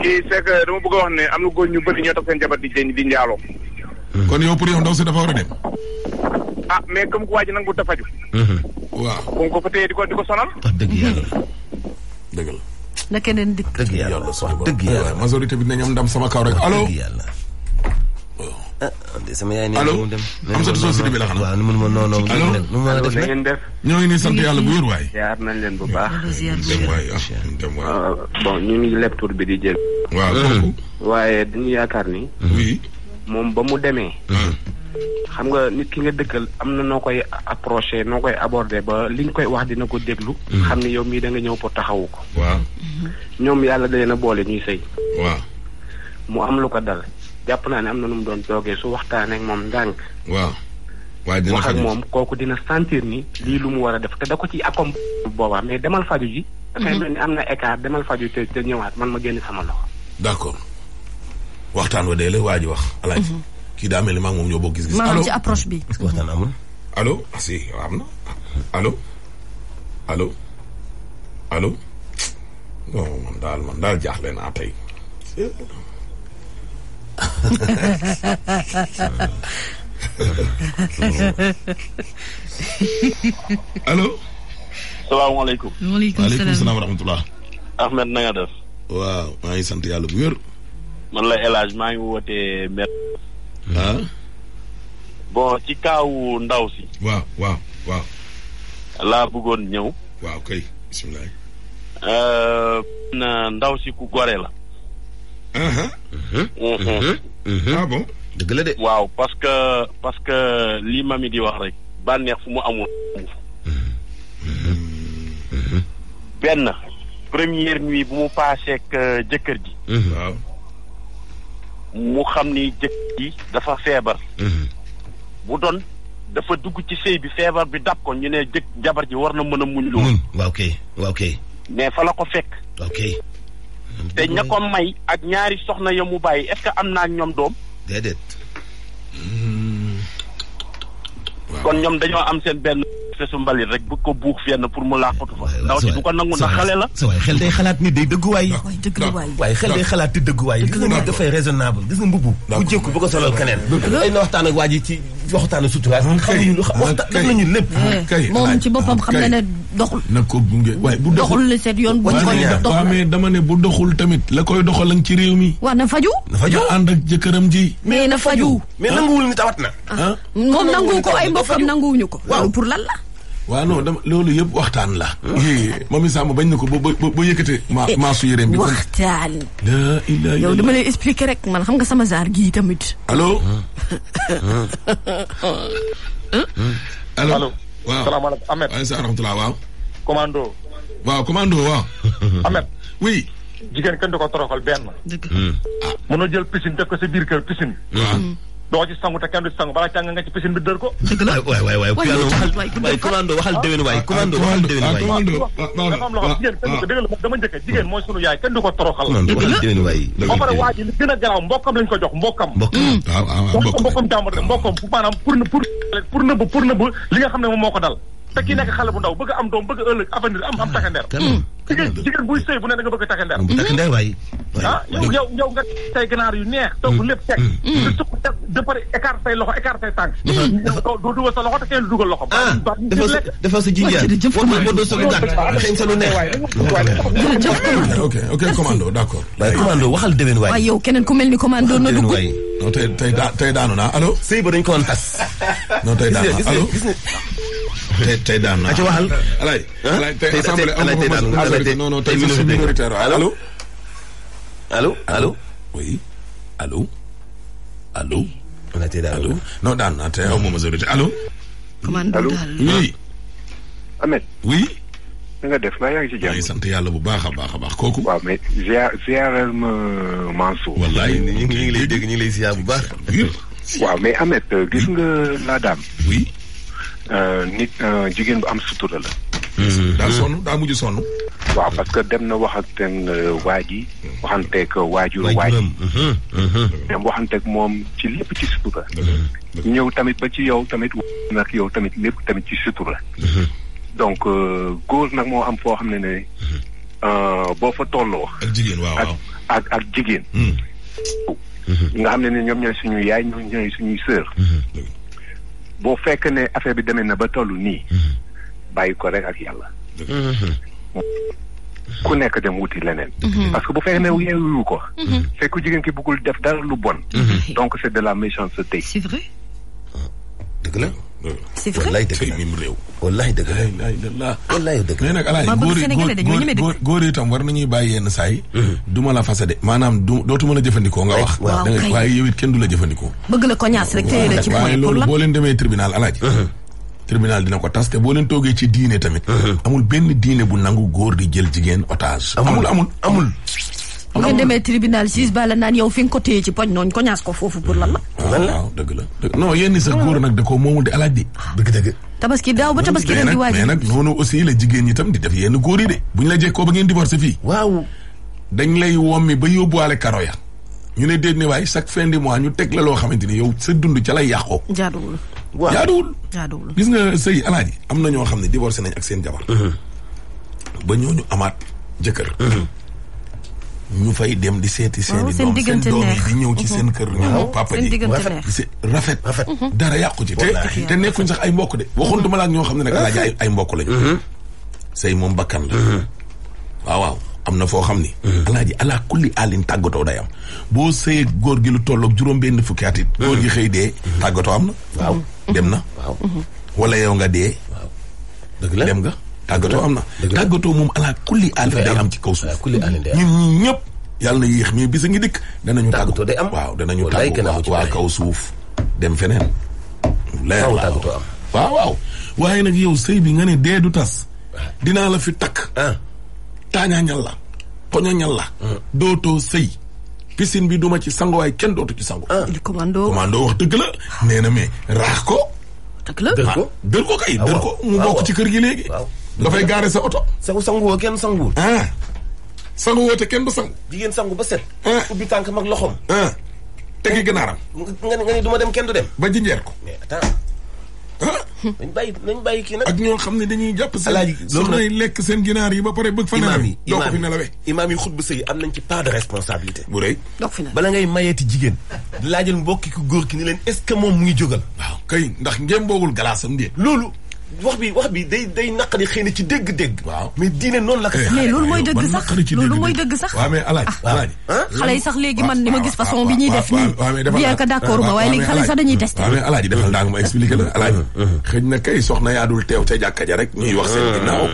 kii c'est dama bëgg a wax ne am na góor ñu bëri ñoo tax seen jabar di di njaaloo. Hmm. kon yow pour yow ndaw si dafa war a dem. ah mais comme que waa ji nangu dafa ju. Hmm. waaw comme ko fa téye di ko di ko sonal. wax ah, dëgg yàlla. dëgg la. na keneen dëgg yàlla wax dëgg yàlla majorité bi na am ndam sama kaw rek yàlla oh. ah sama yaay nee mu dem Amsatou Sow Sidibé la xanaa waaw nu mu non non nu ma def ngeen def ñoo ngi nii sant yàlla bu wér waay yaar nañ leen bu baax ah, dem waay dem euh, waay bon ñu ngi leb tur bi di jël waaw kooku waaye dañu yaakaar ni oui moom ba mu demee xam nga nit ki nga dëkkal am na noo koy approché noo koy abordé ba li nga koy wax dina ko déglu xam ni yow mii da nga ñëw pour taxawu ko waaw ñoom yàlla da leen a boole ñuy sëy waaw mu am lu ko dal jàpp naa ne am na nu mu doon joogee su waxtaanee moom ndànk. waaw waaye dina wax ak moom kooku dina sentir ni lii lu mu war a def te da ko ci accompagner boobaa mais demal faju ji. Mhm. dafay mel ni am na écart demal faju te ñëwaat man ma génn sama loxo. d'accord waxtaan wa dee waa ji wax. alaaji mhm. kii daa mel ni maa ngi moom gis-gis. allo bi. est-ce que waxtaan amul. allo ah, si am na allo allo allo daal man daal jaaxle naa tey. allo. salaamaaleykum. waaleykum salaam waaleykum salaam Ahmed na def. waaw maa ngi sant yàlla bu wér. man la El maa ngi wootee met ah? bon ci kaawu ndaw si. waaw waaw waaw. laa bëggoon ñëw. waaw kay bisimilah. Euh, na ndaw si ku gore la. Mm-hmm. ah bon. dëgg la de. waaw parce que parce que lii mami di wax rek. bànneex fu mu amul. Mm-hmm. benn. première nuit bu mu paasee euh, jëkkër ji. Mm-hmm. mu xam ni jëkkër ji dafa feebar. bu doon dafa dugg ci sëy bi feebar bi dab ko ñu ne jëkk jabar ji war na mën a muñ loolu. waaw kay waaw fa la ko fekk. waaw te ña ko may ak ñaari soxna ya mu bàyyi est-ce que am naa ñoom doom. déedéet. Hmm. kon ñoom dañoo am seen benn fesu mbalit rek bu ko buux fenn pour mu laaxatu fa. ndaw si du ko nangu ndax xale la. xel day xalaat ni day dëgguwaay. waaye xel day xalaat te dëgguwaay. gis nga nit dafay raisonnable gis mbubu. bu jékku bu ko solal keneen. ay na waxtaan ak waa ji ci. waxtaan la suturaal. Ah, xamuñu ah, waxtaan def nañu lépp. Ah, moom ci boppam xam na ne doxul. na ko gunge bu doxul la seet yoon bu waaw mais bu doxul tamit la koy doxal lañ ci réew mi. waaw na faju na faju ànd ak jëkkëram ji. mais na faju mais nanguwul ni tawat na. moom nanguwu ko ay mbokkam nanguwuñu ko. waaw pour waaw non loolu yëpp waxtaan la. mami Samb bañ na ko ba ba ba yëkkate. ma eh, maasu yëreem bi waxtaan. la ilaha yow dama lay expliquer rek man xam nga sama genre gii tamit. allo. allo allo. waaw salaamaaleykum Ahmed. waaleykum ah mënoo jël piscine def ko sa kër piscine. doo ci sangu te kenn du ci sangu balaa tàng nga ci piscine bi dër ko. dëgg la waay waay waay waay commando waxal déwén waay commando waxal déwén waay. dafa ah, waxal ah, déwén waay. ba pare li gën a jox mbokkam. mbokkam waaw hmm. ah, waaw mbokkam jàmbur hmm. nëbb li nga xam ne moom moo ko dal. te kii nekk xale bu ndaw bëgg am doom bëgg ëllëg avenir am am takkandeer. Ah, mm. jigéen jigéen buy bu ne da nga bëgg takkandeer. Mm. takkandeer waay. ah yow yow nga tey ganaar yu neex. togg mm. lépp teg. te su de pare écarte say loxo écarte say tànk. doo dugal sa loxo te kenn dugal loxo. ah dafa sa dafa sa jinjeer. boo doo sa lu gàtt xëy sa lu neex. jërëjëf ok ok commando d'accord. waaye commando waxal déwén waay. waaye yow keneen ku mel ni commando na dugg. non tey tey daanu naa allo. sëy ba dañ ko woon tas. tey daanu naa allo. tey tey daan naa. waxal alaay. Ah? alaay tey assemblée amul tey tey minoritaire allo allo allo oui allo allo. alaay tey daan non daan naa tey aw ma majorité allo. commandant oui. Ahmed. oui. na def ba yaa ngi ci jàmm. maa ngi sant yàlla bu baax a baax a baax kooku. waaw mais ziar ziaral ma Mansour. wallaay ñu ngi lay dégg ñu ngi lay bu baax. waaw mais Ahmed gis nga la dame. Euh, nit euh, jigéen bu am sutura la. Mhm. daa sonn daa mujj sonn. waaw parce que dem na wax ak seen euh, waa ji. waxanteeg waajur waa ji. Mhm. Mhm. dem waxanteeg moom ci lépp ci sutura. ñëw tamit ba ci yow tamit nag yow tamit lépp tamit ci sutura. donc góor nag moo am foo xam ne ne boo fa tolloo. ak jigéen waaw waaw ak ak jigéen. nga xam ne ne ñoom ñooy suñu yaay ñooy suñuy sœur. boo fekk ne affaire bi demee na ba toll nii. Mhm. bàyyi ko rek ak yàlla. Mhm. ku nekk dem wuti leneen. Mhm. parce que bu fekkee ne yeewu ko. fekk jigéen ki bëggul def dara lu bon. donc c'est de la méchanceté. c'est vrai ah, dëgg la. Euh, c'est vrai wallaay dëgg la wallaay dëgg la wallaay dëgg la mais nag alaay góor góor itam war nañuy bàyyi yenn saa yi mm-hmm. du ma la fasade maanaam du dootuma la jëfandikoo nga wax waaye yow it kenn du la jëfandikoo bëgg la ko ñaas rek téye la ci waaye loolu boo leen demee tribunal alaaji mm-hmm. tribunal dina ko tas te boo leen toogee ci diine tamit mm-hmm. amul benn diine bu nangu góor di jël jigéen otage amul amul amul bu ngeen demee tribunal siis ba la naan yow fi nga ko téye ci poñ nooñ ko ñaas ko foofu pour la. lan la waaw dëgg la dëgg non yéen ñi a góor nag da koo moomul di alaaj di dëgg dëgg. tabaski daaw ba tabaski jigéen ñi tam di def yenn góor yi de bu ñu la jekkoo ba ngeen dañ lay wommi ba yóbbuwaale karo ya ñu ne déet waaye chaque fin de ñu teg la loo xamante ni yow sa dund ca lay yàqoo. jaaduwul. waaw jaaduwul. jaaduwul gis nga sëy alaaji am na ñoo xam ne divorcé nañ ak seen jabar mhm. ba ñooñu amaat jëkkër mhm. ñu fay dem di seeti seeni doom seen doom yi di ñëw ci uh-huh. seen kër ñaanal uh-huh. papa ji rafet rafet uh-huh. dara yàqu ci te te nekkuñ sax ay mbokk de waxoon duma la ak ñoo xam ne nag alaaji ay ay mbokk lañu sey moom bakkan la waaw waaw am na foo xam ni alaaji alaa kulli àllin tàggatoo day am boo sëyee góor gi lu tolloog juróom benn fukki at góor gi xëy dee tàggatoo am na waaw dem na wala yow nga dee dem nga tàggatoo am na tàggatoo moom ala kulli àll day am ci kaw suuf ñun ñi ñëpp yàlla na yéex mais bis a ngi dikk danañu tàggatoo day am waaw danañu tàggatoo waa kaw suuf dem feneen leer la waaw waaw waaye nag yow sëy bi nga ne dee du tas ah. dinaa la fi takk ah. taañaañal la poñañal la ah. dootoo sëy piscine bi duma ci sangu waaye kenn dootu ci sango commando commando wax dëgg la nee na mais raax ko dër ko dër ko kay dër ko mu bokk ci kër gi léegi dafay gaare sa oto. sangu sanguwoo kenn sanguwul. Ah. sanguwoo te kenn du sangu. jigéen sangu ba set. Ah. ubbi tànk mag loxoom. Ah. tegi gànnaaram. nga ne nga ne du dem kenn du dem. ba jinjeer ko. mais attends. nañ bàyyi nañ bàyyi ak ñoo xam ne dañuy jàpp seen. alaaji soxna yi lekk seen ginaar yi ba pare bëgg fa. imaam yi imaam yi doo ko fi nelawee. imaam yi xutba sëy am nañ ci part de responsabilité. bu bala ngay mayeeti jigéen. laajal mbokki ku góor ki ni leen est-ce que moom mu ngi jógal. waaw kay ndax ngeen boogul galaasam de. loolu wax bi wax bi day day naqari xëy na ci dégg-dégg. waaw mais diine noonu la. Eh, mais loolu mooy dëgg sax loolu mooy dëgg sax. waaw mais alaaj ah, ah. ah, xale yi sax léegi man ni ma gis façon bi ñuy def nii. waaw mais dafa bien que d'accord ma waaye léegi xale yi dañuy testé. waaw mais alaaj defal ndànk ma expliqué la alaaj. xëy na kay soxna yaadul teew ca jàkka ja rek. ñuy wax seen ginnaaw.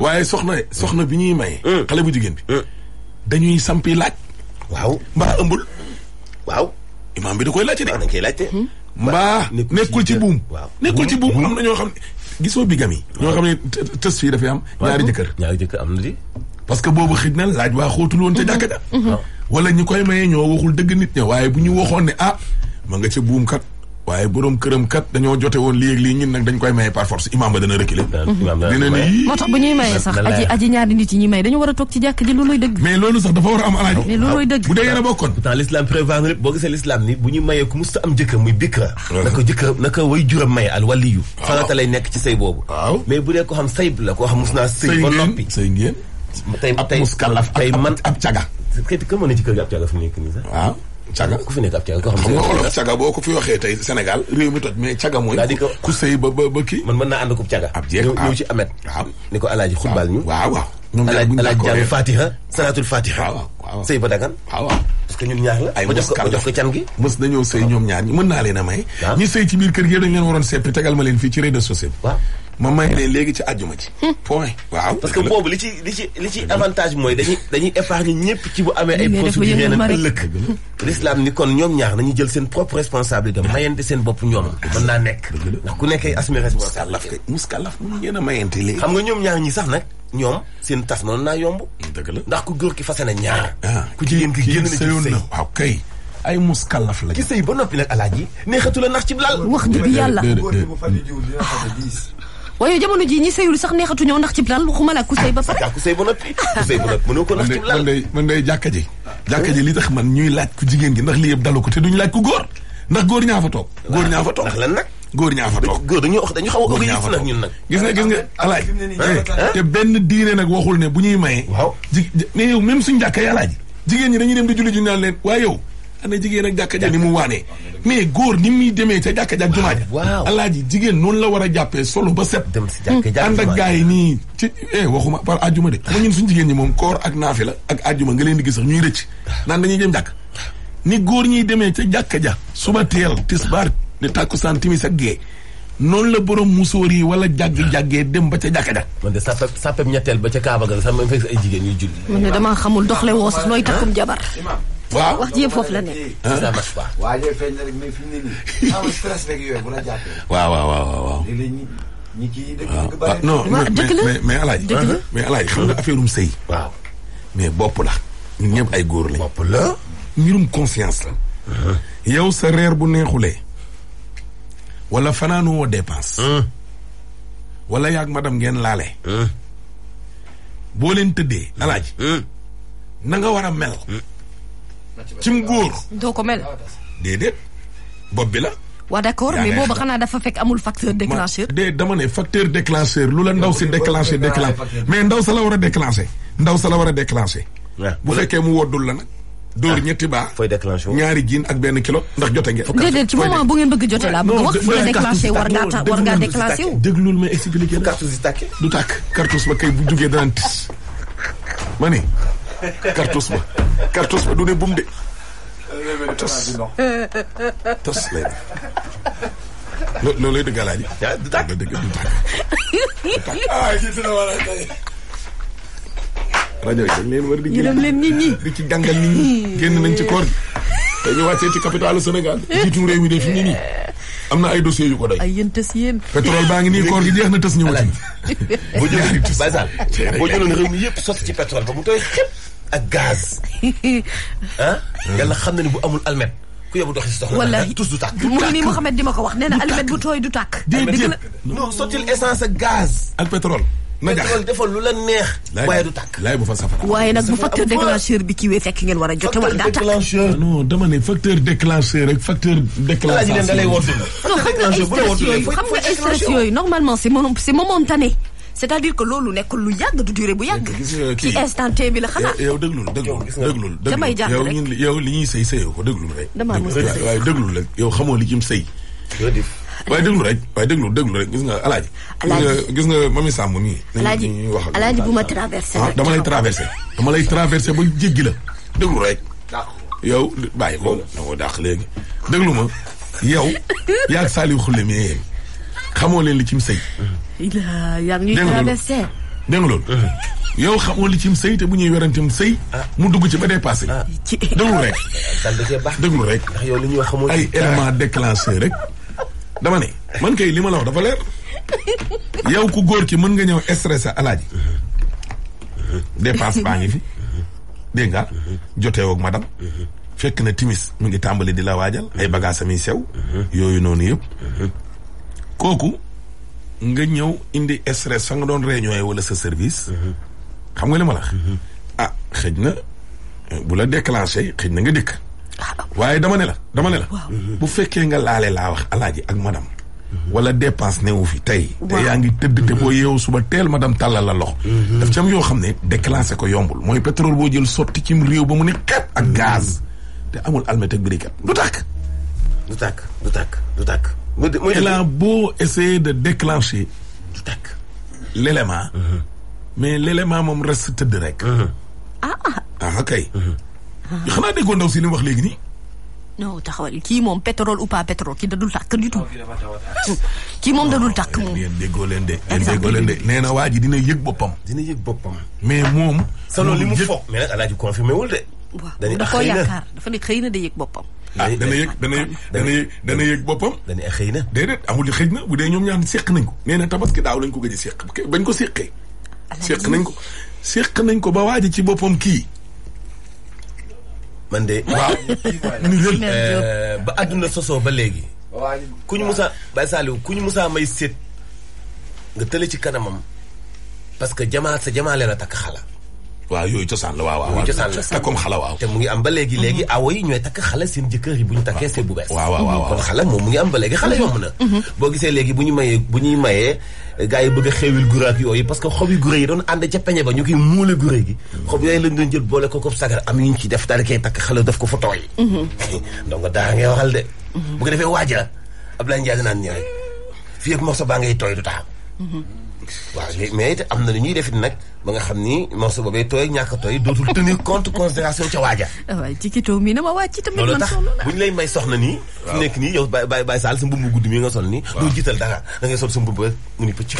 waaye soxna soxna bi ñuy maye. xale bu jigéen bi. dañuy sampi laaj. waaw mbaa ëmbul. waaw imaam bi da koy laajte de. mbaa nekkul ci buum nekkul ci buum am na ñoo gisoo bigamie. ñoo xam ne tës fii dafay am. ñaari jëkkër ñaari jëkkër am na di. parce que boobu xëj na laaj waa xóotul woon ca mm-hmm. jàkka ja mm-hmm. wala ñi koy maye ñoo waxul dëgg nit ña waaye bu ñu waxoon ne ah ma nga ca buum kat. waaye borom këram kat dañoo jote woon lii ak lii ñun nag dañ koy maye par force imaam ba dana reculer. dina moo tax bu ñuy maye sax aji ñaari nit yi ñuy dañu war a toog ci jàkk ji looloy dëgg. mais loolu sax dafa war a am alaaji. mais looloy dëgg bu dee yéen a bokkoon. pourtant l'islam prévoir lépp bu ñu mayee ku musta am jëkkër muy bikra. na ko jëkkër na way juram maye al waliyu. nekk ci sëy boobu. mais bu dee ko xam sayb la koo xam mus naa sëy caga ku fi nekk ab caga ko xam nga olof caga boo ko fi waxee Sénégal réew mi toj mais caga mooy ku sëy ba ba ba kii man naa ànd ko caga ab jeex ñëw ni ko alaaji xutbaal ñu waaw waaw alaaj jàng fatiha salaatul fatiha sëy ba dagan waaw waaw parce que ñun ñaar la ay mos ko jox ko can gi sëy ñoom ñaar ñi naa leen a may ñi sëy ci biir kër gi dañ leen waroon seppi tegal ma leen fii ci réseaux sociaux ma may léegi ci àjjuma ci hmm. point waaw parce que boobu li ci li ci li ci avantage mooy dañuy dañuy épargne ñëpp ci bu amee ay procédures yeneen ëllëg l'islam ni kon jël seen propre responsabilité mayante seen bopp ñoom mën naa nekk ndax ku nekkee assumer responsabilité muskalaf mu ngeen a mayante léegi xam nga ñoom ñaar ñi sax nag ñoom seen tas mënoon naa yomb dëgg la ndax góor ki fase na ñaar ah, ah, ku jigéen ki génn na ci sëy waaw kay ay muskalaf lañu ki sëy ba noppi nag alaaji neexatu la nax ci lal wax dëgg yàlla waaye jamono jii ñi sëyul sax neexatuñoo ndax cib lal waxuma nag ku sëy ku sëy ba noppi ku sëy ba noppi mënoo ko ndax cib lal man day man day jàkka ji. jàkka ji li tax man ñuy laaj jigéen gi ndax lii yëpp dalu ko te duñ laaj ku góor ndax góor ñaa fa toog. góor ñaa fa toog ndax lan nag. góor ñaa fa toog góor dañuy wax dañu xaw a gis nag ñun nag gis nga gis nga alaaj eh, te benn diine nag waxul ne bu ñuy maye waaw ji mais yow même suñ jàkka yi alaaj jigéen ñi dañu dem di julli ju naan leen waaye yow ana jigéen ak jàkka ja ni mu waanee mais góor ni muy demee ca jàkka ja ak jumaa ja alaaji jigéen noonu la war a jàppee solo ba set ànd ak gars yi nii ci eh waxuma par ajjuma de ma ñun suñu jigéen ñi moom koor ak naafi la ak ajjuma nga leen di gis sax ñuy rëcc naan dañuy jëm jàkk ni góor ñiy demee ca jàkka ja suba teel tisbaar ne tàkkusaan timis ak gee noonu la borom musóor yi wala jàgg-jàggee dem ba ca jàkka ja man de sàppe sàppe ñetteel ba ca Kaaba ga sax ma fekk ay jigéen ñuy julli man ne damaa xamul doxle woo sax looy takkum jabar waaw wax ji yëpp foofu la ah. waaw ah, bu la jàppee. waaw waaw waaw ah. non mais mais mais Alaaji. dëgg la um sëy. mais bopp la. ñun ay góor lañ. la. mbirum conscience la. Uh-huh. yow sa reer bu neexulee. wala fanaanu woo dépense. Uh. wala yaag madam ngeen laale. Uh. boo tëddee. Alaaji. Uh. na nga war a mel. ci nguur. doo ko mel. déedéet bopp bi la. waa d'accord mais boobu xanaa dafa fekk amul facteur déclencheur. de dama ne facteur déclencheur lu la ndaw si déclenché déclenché mais ndaw sa la war a déclenché ndaw sa la war a déclenché. bu fekkee mu woddul la nag. dóor ah, ñetti baa. fooy déclenché ñaari jiin ak benn kilo ndax jote ngeen. déedéet ci moment bu ngeen bëgg jote laa bëgg wax. fu a déclenché war ngaa war ngaa déclenché wu. déglul ma expliqué la. du tàkk. cartouche ba kay bu jugee daan tis ma ne cartouche ba. cartos ba du ne bum de. tos tos lay lo loolu lay dëgg alaaji. ah du tàkk du tàkk rajo yi dañ leen war di. ci jàngal ñi. génn nañ ci koor gi. te ñu wàccee ci capitale Sénégal. Eh. jiitu réew mi de fi mu nii. am na ay dossiers yu ko doy. ay yéen tës yéen. pétrole baa ngi nii koor gi jeex na tës ñëwati. bu jëloon Basal boo jëloon réew mi yëpp sotti ci pétrole ba mu tooy ak gaz. ah xam na ne bu amul almet ku yóbbu dox si soxla. wallaahi tous du tàkk du mu ngi di ma ko wax nee almet bu tooy du tàkk. dëgg la non sottil essence ak gaz. ak pétrole. na jax defal lu la neex. waaye du tàkk laay bu fa safara. waaye nag bu facteur déclencheur bi kiiwee fekk ngeen war a jot wala daa tàkk. Ah non dama ne facteur déclencheur rek facteur. déclencheur non xam nga stress yooyu xam c'est-à-dire que loolu nekk lu yàgg du durée bu yàgg. ci instant T bi la xanaa. yow déglul déglul déglul damay jàpp rek yow yow li ñuy sëy sëyoo ko déglul rek. damaa mos waaye déglul rek yow xamoo li jëm sëy. waaye déglu rek waaye déglu déglu rek gis nga alaaji. alaaji gis nga mami Samb nii. alaaji alaaji bu ma traversé ah, rek dama lay traversé. dama lay traversé ba jéggi la déglu rek. yow bàyyi ko da nga dàq léegi déglu ma yow yaa ak Saliou Khoule xamoo leen li ci mu sëy mm-hmm. yaa ngi ñuy traversé. dégg yow xamoo li cim sëy te bu ñuy weranteem sëy. mu dugg ci ba dépassé. ci ah. déglu rek. déglu rek. yow li ñuy wax xamoo ay élément déclenché rek. dama ne man kay li ma la wax dafa leer. yow ku góor ki mën nga ñëw stressé alaaji. dépasse baa ngi fi. dégg nga jotee woog madame. fekk na timis mu ngi tàmbali di la waajal. ay bagages am sew. yooyu noonu yëpp. kooku. nga ñëw indi stress fa nga doon réunion wala sa service. xam nga li ma la ah xëj na euh, bu la déclenché xëj na nga dikk. waaye dama ne la dama ne la. bu fekkee nga laale laa wax alaaji ak madam wala dépense newu fi tey. te yaa ngi tëdd te boo yeewu suba teel madame tàllal la loxo. Mhm. daf ci yoo xam ne déclenché ko yombul mooy pétrole boo jël sotti cim réew ba mu ne xepp ak gaz. Mhm. te amul almet ak briquet du tàkk. du tàkk du tàkk du tàkk. elle a beau essayer de déclencher l'élément mm-hmm. mais l'élément moom reste tëdd rek mm-hmm. ah ah kay mm-hmm. ah. xanaa déggoon ndaw si li mu wax léegi nii non taxawal kii moom pétrole ou pas pétrole kii dadul dul tàkk du ah, kii moom da dul tàkk ah, moom. déggoo leen nee na waa ji dina yëg boppam. dina yëg boppam. mais moom. sa li mu foog mais nag alaaji confirmé wul de. dañuy xëy na waaw da koo dafa ne xëy na da yëg boppam. ah dana yëg ah, dana yëg dana yëg boppam dana xëy na déedéet amul xëy na bu dee ñoom ñaan séq nañ ko nee na tabaski daaw lañ ko gëj a séq bañ ko séqee séq nañ ko séq nañ ko ba waaji ci boppam kii man de waaw ni rël eh, ba àdduna sosoo ba léegi ku ñu musaa bay Saliou ku ñu musaa may séet nga tële ci kanamam parce que jamaa sa jamaale la takk xala waaw yooyu cosaan la waaw waaw yooyu cosaan la te mu ngi am ba léegi léegi mhm. awo yi ñooy takk xala seen jëkkër yi bu ñu takkee see bu bees waaw waaw kon xala mu ngi am ba léegi mhm. mhm. léegi bu ñu mayee bu ñuy mayee eh, yi bëgg a yooyu parce que xob yu guré yi doon ànd ca peñe ba ñu koy muule ko ko sagar am yuñ ci de bu ko defee waaja Abdoulaye Ndiaye naan ñi rek fii ak morso baa ngay tooy du taxaw waaw mais it am na lu ñuy defit nag ba nga xam ni morceau boobee tooy ñàkk tooy dootul tenir compte considération ca waaja. Ah waaw ci mii na ma wàcc tamit man bu ñu lay may soxna nii. waaw fi nekk nii yow Baye Baye Sall sa mbubb mu guddi mi nga sol nii. waaw doo jiital dara da ngay sol sa mbubb mu ni pëcc.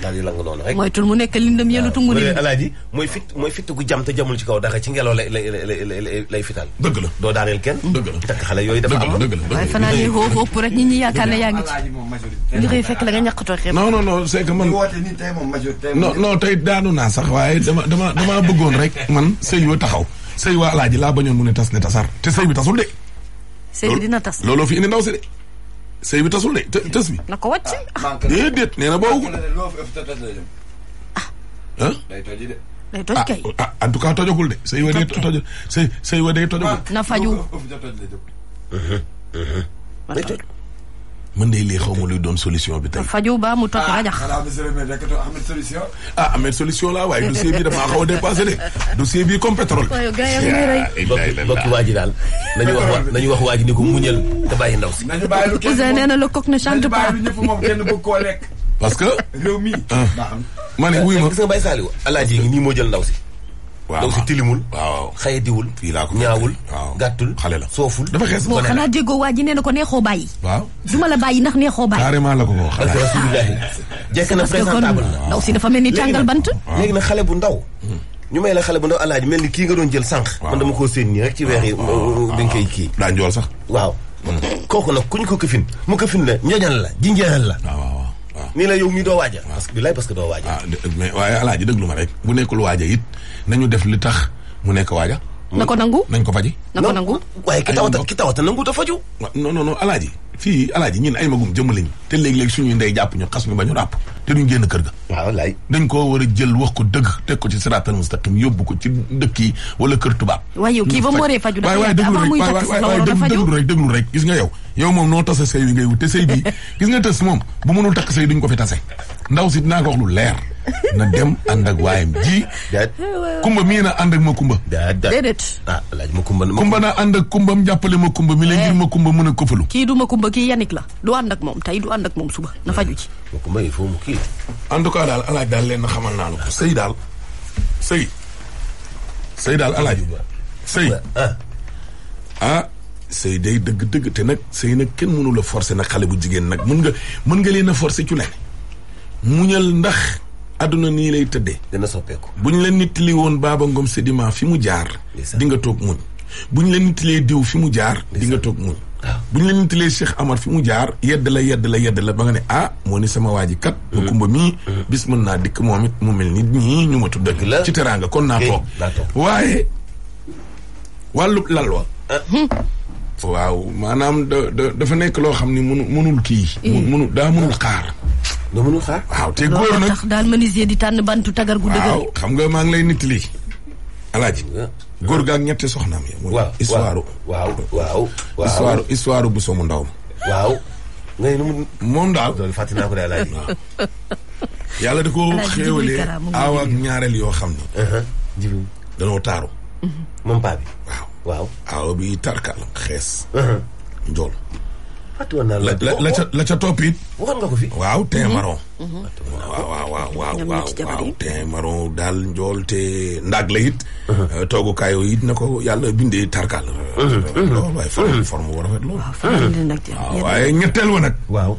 daal di lang noonu rek. mooy tul mu nekk lindam yelu tungu ni alaaji mooy fit mooy fit gu jam te jamul ci kaw dara ci ngelaw lay lay dëgg la doo daaneel kenn. dëgg la takk xale yooyu dafa am. dëgg la dëgg la waaye fanaa ne hoo hoo rek ñi ñi yaakaar ne yaa ngi ci. li koy la nga man. woote ni tey moom wa taxaw sëy laa bañoon mu ne tas ne tasar te sëy bi tasul de. sëy bi dina tas looloo fi indi ndaw si de sey bi tasul de tas bi. na ko wàcc. Ah, déedéet nee na ah. day ah, ah en tout cas tojagul de. sëy wa day toj sëy sëy wa na faju. mën day lii xaw ma luy doon solution bi tey. faju ba mu toog ah, rajax. ah a solution. ah Ahmed solution laa waaye dossier bi dafa xaw a dépassé de dossier bi comme pétrole. waaw gars yi ah, nañu wax wa nañu wax waa ji ni ko muñal te bàyyi ndaw nañu bàyyi lu na parce que réew mi. Ah. ma ne eh, eh, ma gis nga Baye Saliou alaaji ngi nii moo jël si. waaw ndaw si tilimul. waaw xayadiwul. fii laa ko ñaawul. gàttul xale la sooful. dafa xees moo xanaa déggoo waa ji nee na ko neexoo bàyyi. waaw duma la bàyyi ndax neexoo bàyyi. carrément la ko ko xalaat ah. jekk na présentable la ndaw si dafa mel ni tàngal bant. léegi nag xale bu ndaw. ñu may la xale bu ndaw alaaji mel ni kii nga doon jël sànq. man dama koo séen nii rek ci weer yi bi kii. daa njool sax. waaw mm. kooku nag ku ñu ko këfin mu këfin la ñoñal la jinjeexal la. nii la yow mi doo waaja parce que bilaay parce que doo ah, waaye alaaji déglu ma rek bu nekkul waaja it nañu def li tax mu nekk waaja. na ko nangu nañ ko faji. na ko nangu waaye ki tawata ki tawata nangu ta faju. non non non alaaji fii alaaji ñun ay magum jëmm lañu te léegi-léegi suñuy ndey jàpp ñu xas ñu ba ñu ràpp te duñ génn kër ga waaw wallaay dañ koo war a jël wax ko dëgg te ko ci siraatal mustaqim yóbbu ko ci dëkk yi wala kër tubaab waaye kii ba mu waree faju dafa waay déglu rek déglu rek gis nga yow yow moom noo tase sëy bi ngay wut te sëy bi gis nga tës moom bu mënul takk sëy dañ ko fi tase ndaw si dinaa ko lu leer na dem ànd ak waayam ji. déet kumba mii na ànd ak ma kumba. Ah, laaj ma kumba kumba na ànd ak kumbam jàppale ma kumba mi la ngir eh. ma kumba mën a kofalu. kii du ma kumba kii yanik la du ànd ak moom tey du ànd ak moom suba na faju ci. ma kumba il faut kii. en tout daal alaaj daal leen xamal naa la ko sëy daal sëy daal alaaj sëy ah. ah sëy day dëgg dëgg te nag sëy nag kenn mënula la forcer nag xale bu jigéen nag mën nga mën nga leen a forcer ci lenn muñal ndax. adduna nii lay tëddee. dana soppeeku bu ñu la nittali woon Baba Ngom Sedima fi mu jaar. di nga toog muñ. bu ñu la nittalee diw fi mu jaar. di nga toog muñ. Ah. bu ñu la nittalee Cheikh Amar fi mu jaar. yedd la yedd la yedd la ba nga ne ah moo ni sama waa ji kat. ma mm. kumba mii. Mm. bis mën naa dikk moom it mu mel ni ñii ñu ma tudd ak ci teraanga kon naa toog. waaye wàllub lal wa. Ah. waaw maanaam da dafa nekk loo xam ni mënu mënul kii. mënul mm. daa mënul xaar. nga mënul te góor nag daal menuisier di tànn bantu tagar gu dëgër waaw xam nga maa ngi lay nit lii alaaji góor gaak ñetti soxna yi waaw histoire histoire histoire bu somu ndaw ma mu moom daal loolu yàlla da ko xéewalee aaw ak ñaareel yoo xam ne uh-huh. jibi danoo taaru mm-hmm. moom paa waaw waaw aaw bi tarkal uh-huh. njool fàttewoon naa la la ca la ca topp it. waxoon nga ko fi. waaw teint marron. Mhm. waaw waaw daal njool te ndaag la it. Mhm. Euh, toogukaayoo it na ko yàlla bindee tarkal. Mhm, rafet loolu. waaw waaye ñetteel wa nag. waaw.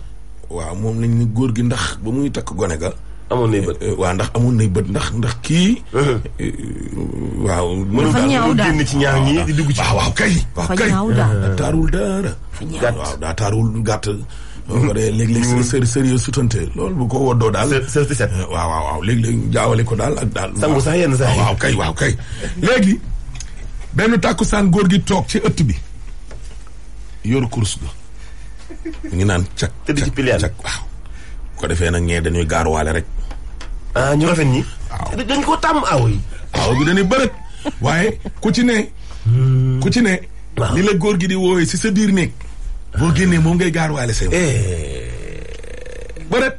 waaw moom lañ ni góor gi ndax ba muy takk gone ga. amoon nay bët eh, eh, waaw ndax amoon nay bët ndax ndax kii. Uh-huh. Eh, waaw. mënul daal ci ñaar ñii di dugg ci. waaw waaw kay. waaw kay daa taarul dara. waaw gàtt. ba dee léeg-léeg mm-hmm. së sérieux sutante loolu bu ko woddoo daal jaawale ko daal ak daal sangu sax yenn sax waaw kay waaw kay léegi benn tàkkusaan góor gi toog ci ëtt bi yor course ga ngi naan cak cak waaw ko defee nag ñee dañuy gaaruwaale rek ah ñu rafet ñi. waaw dañ ko tàmm aaw yi. aaw bi dañuy bërët waaye ku ci ne. Hmm. ku ci ne. li la góor gi di woowee si sa biir néeg. boo génnee moom ngay gaar waale seen. Eh. bërët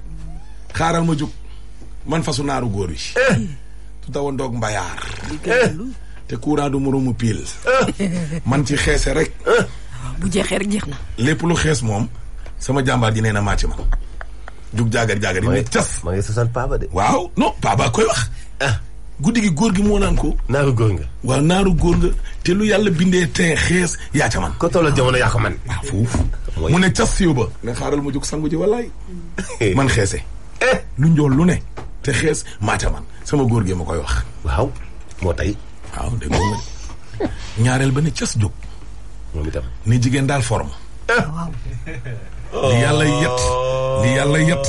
xaaral ma jóg man fasu naaru góor yi. Eh. tu tawa ndoog mbayaar. Eh. te courant du moromu pile. man ci xeese rek. bu jeexee rek jeex lépp lu xees moom sama jàmbaar ji nee na màcc ma. jug jaagar jaagar yi ne cas. ma sa sosal Paaba de. waaw non Paaba koy wax. ah guddi gi góor gi moo naan ko. naaru góor nga. waaw naaru góor nga te lu yàlla bindee tey xees yaa ca man. ko tolloo jamono yaa ko man. waaw ah, foofu mu ne cas siiw ne xaaral ma jóg sangu ji wallaay. Eh. man xeese. Eh. lu njool lu ne. te xees maa ca man sama góor gi ma koy wax. waaw moo tey. waaw dégg nga ñaareel ba ne cas jóg. moom itam. daal forme. Eh. Ah, waaw. li yàlla yet li yàlla yet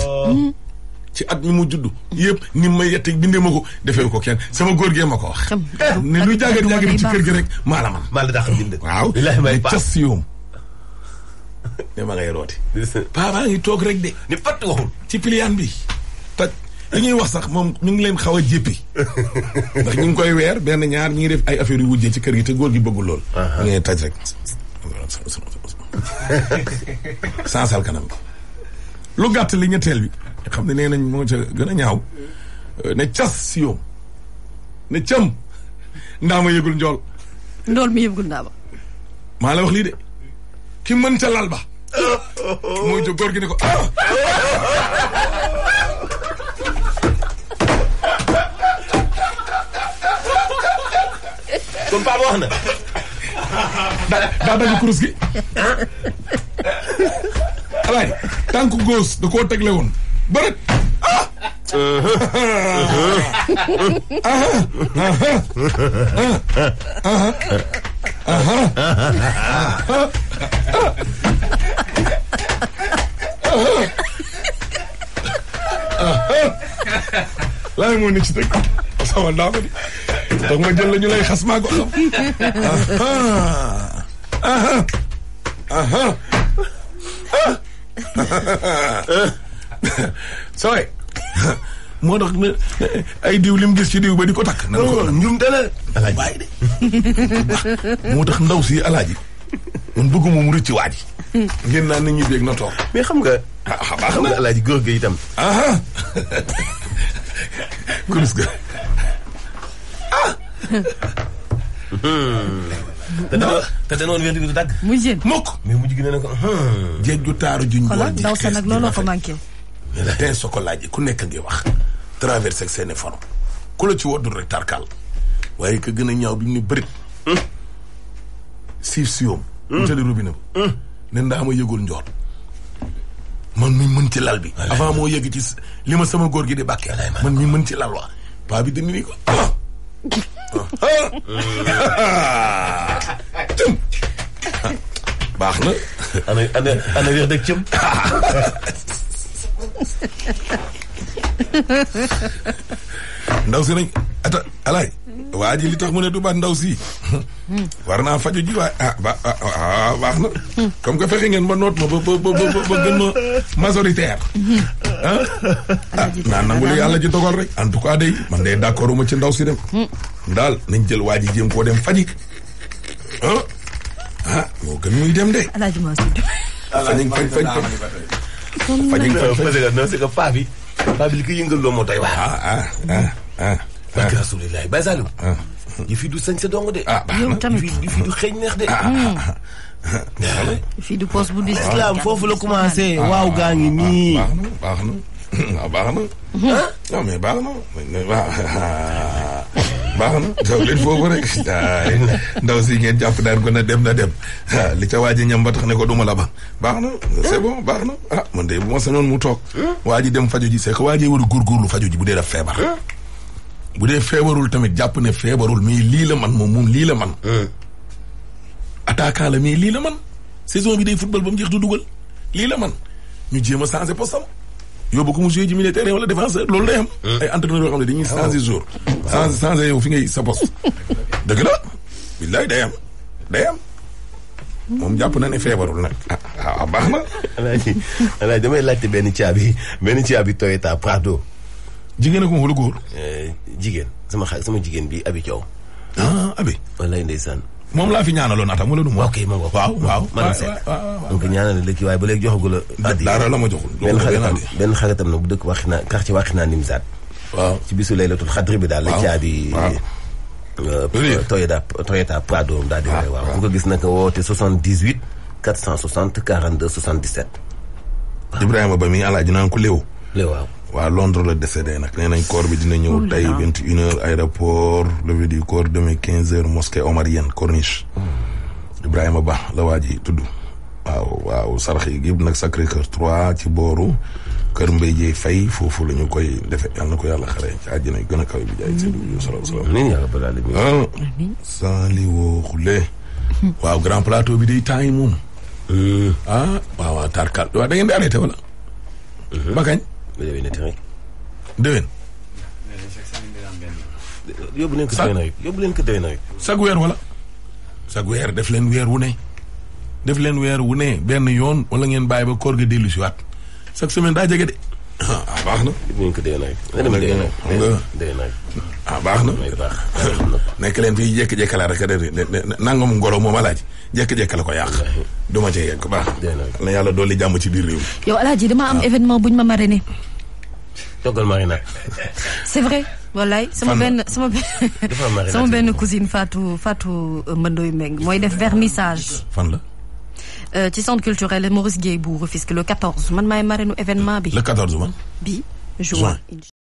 ci at mi mu juddu yëpp ni ma yette bindee ma ko defee ko kenn sama góor gee ma ko wax eh, ne lu jàggat jàggat ci kër gi rek maa la man maa la dàq bind waaw li cas yoom ne ma ngay rooti papa ngi toog rek de ni fatt waxul ci piliyaan bi taj li ñuy wax sax moom ñu ngi leen xaw a jéppi ndax ñu ngi koy weer benn ñaar ñu ngi def ay affaire yu wujjee ci kër gi te góor gi bëggul lool ñu sansal kanam lu gàtt li ñetteel bi xam ne nee nañ a ñaaw euh, ne cas si yoom ne cam ndaama yëgul njool ndool mi yëgul ndaama maa la wax lii de ki mën ca ba mooy jóg góor gi ne ko ah! kon Pape wax na daa daa dagg kurus gi alaay tànk góos da koo tegle woon bëret ah laay moo ne ci dëkk sama naa ko di donc ma jël la ñu lay xas maa ko xam saway moo tax ne ay diw lim gis ci diw ba di ko takk. nan oh, moo tax ndaw si alaaji man mu rëcc waaj. ngeen naa nit ñi na toog. mais xam nga. ah, ah baax na alaaji góor ga itam. ah, ah. kurus ga hmm. te dama te danoon wér mukk mais mujj gi ko. Hmm. jéeg ju taaru juñ. xoolal ndaw sa nag looloo ko manqué. tey soo ko laajee ku nekk ngi wax. traversé ak seeni forme ku la ci woddul rek tarkaal waaye ka gën a ñaaw bi mu ne bërit. Hmm. siif siyoom. Hmm. mu tëdd robinet ba. ne ma yëgul njoor. man mi mën ci lal bi. avant moo yëg ci li ma sama góor gi di bàkkee. man mi mën ci lal wa paa bi dindi ni ko. baax na. ana ana ana wér dëgg cëm. ndaw si nañ ata alaay waa ji li tax mu ne du baat ndaw si war naa fajo ji waaye ah ba ah, ah, ah baax na comme que fexe ngeen ba noot ma ba ba ba ba gën ma majoritaire ah naa nangul yàlla ji dogal rek en tout cas day man day d'accord uma ci ndaw si dem hmm. daal nañ jël waa ji jéem dem fajik ah ah moo gën muy dem de fañig fañ fañ fañ fañig fañ non c'est que paa bi paa bi li ko yëngal loo moo doy waar ah ah, ah, ah, ah. sa dong de fii di poste bu diis. islam foofu la commencé. Ah, waaw ah, gaa ngi ah, nii baax na baax na. baax na. non baax na baax na daw leen foofu si ngeen jàpp daan ko na dem na dem li ca waa ji ñam ba ne ko duma la ba baax na c'est bon baax na ah man de bu ma mu toog waa ji dem faju ji c'est que waa ji war a góorgóorlu faju ji bu dee daf feebar bu dee feebarul tamit jàpp ne feebarul mais lii la man moom moom lii la man attaquant la mais lii la man saison bi day football ba mu jeex du dugal lii la man ñu jéem ma changé poste am yóbbu ko mu joué ji milieu terrain wala loolu day am. Hmm. ay entraîneurs yoo xam ne dañuy changé jour. Hmm. changé yow fi ngay sa poste. dëgg la billaay am day am. moom jàpp na ne feebarul nag. Ah, ah, baax na. alaaji alaaji damay laajte benn caabi benn caabi Toyota Prado. jigéen ak moom wala góor. Eh, jigéen sama xarit sama jigéen bi Abi Thiaw. ah Abi. wallaay moom laa fi ñaanaloon atam wala du ma. ok moom wax waaw seet donc ñaanal la kii waaye ba léegi joxagul la. dara la ma joxul. benn xaritam benn xaritam nag bu dëkk waxi naa quartier waxi naa Nimzaat. waaw ci bisu laylatul xadri bi daal. la caabi. Euh, Toyota Toyota Prado daal di. waaw waaw ku ko gis nag woote 78 460 42 77. Ibrahima Ba mi alaaji naan ko léew. léew waa Londres la décédé nag nee nañ corps bi dina ñëw oh tey vingt une heure aéroport levée du corps demain quinze heures mosquée omarienne hmm. la waa ji tudd waaw waaw sarax yi yëpp nag Sacré Cœur trois ci booru kër Mbaye Dieye Faye foofu la ñu koy defee yal na ko yàlla xaree ci àjjana gën a kaw bi jaay seen bi salaam salaam saali woo xule waaw grand plateau bi day temps euh. ah, waaw waaw tarkal waaw ba déwénati rek. déwén. yóbbu leen ko déwén rek yóbbu leen ko déwén rek. sag weer wala. sag weer def leen weer wu ne. def leen weer wu ne benn yoon wala ngeen bàyyi ba koor gi dellu si waat chaque semaine daa jege de. ah, ah baax na. yóbbu leen ko déwén rek. déwén rek ah baax na. nekk leen fii jékki-jékki laa rek de nangam ngolo moom alaaji jékki-jékki la ko yàq. duma ci yegg baax na yàlla dolli jàmm ci biir réew dama am ah. événement buñ ma marraine. toggal marina. c'est vrai wallaay sama benn sama benn sama benn cousine Fatou Fatou euh, Mbandoy Meng mooy def vernissage. missage la. Euh, ci centre culturel Maurice Guèye bu Rufisque le man maay marraine événement bi. le 14 man. bi juin.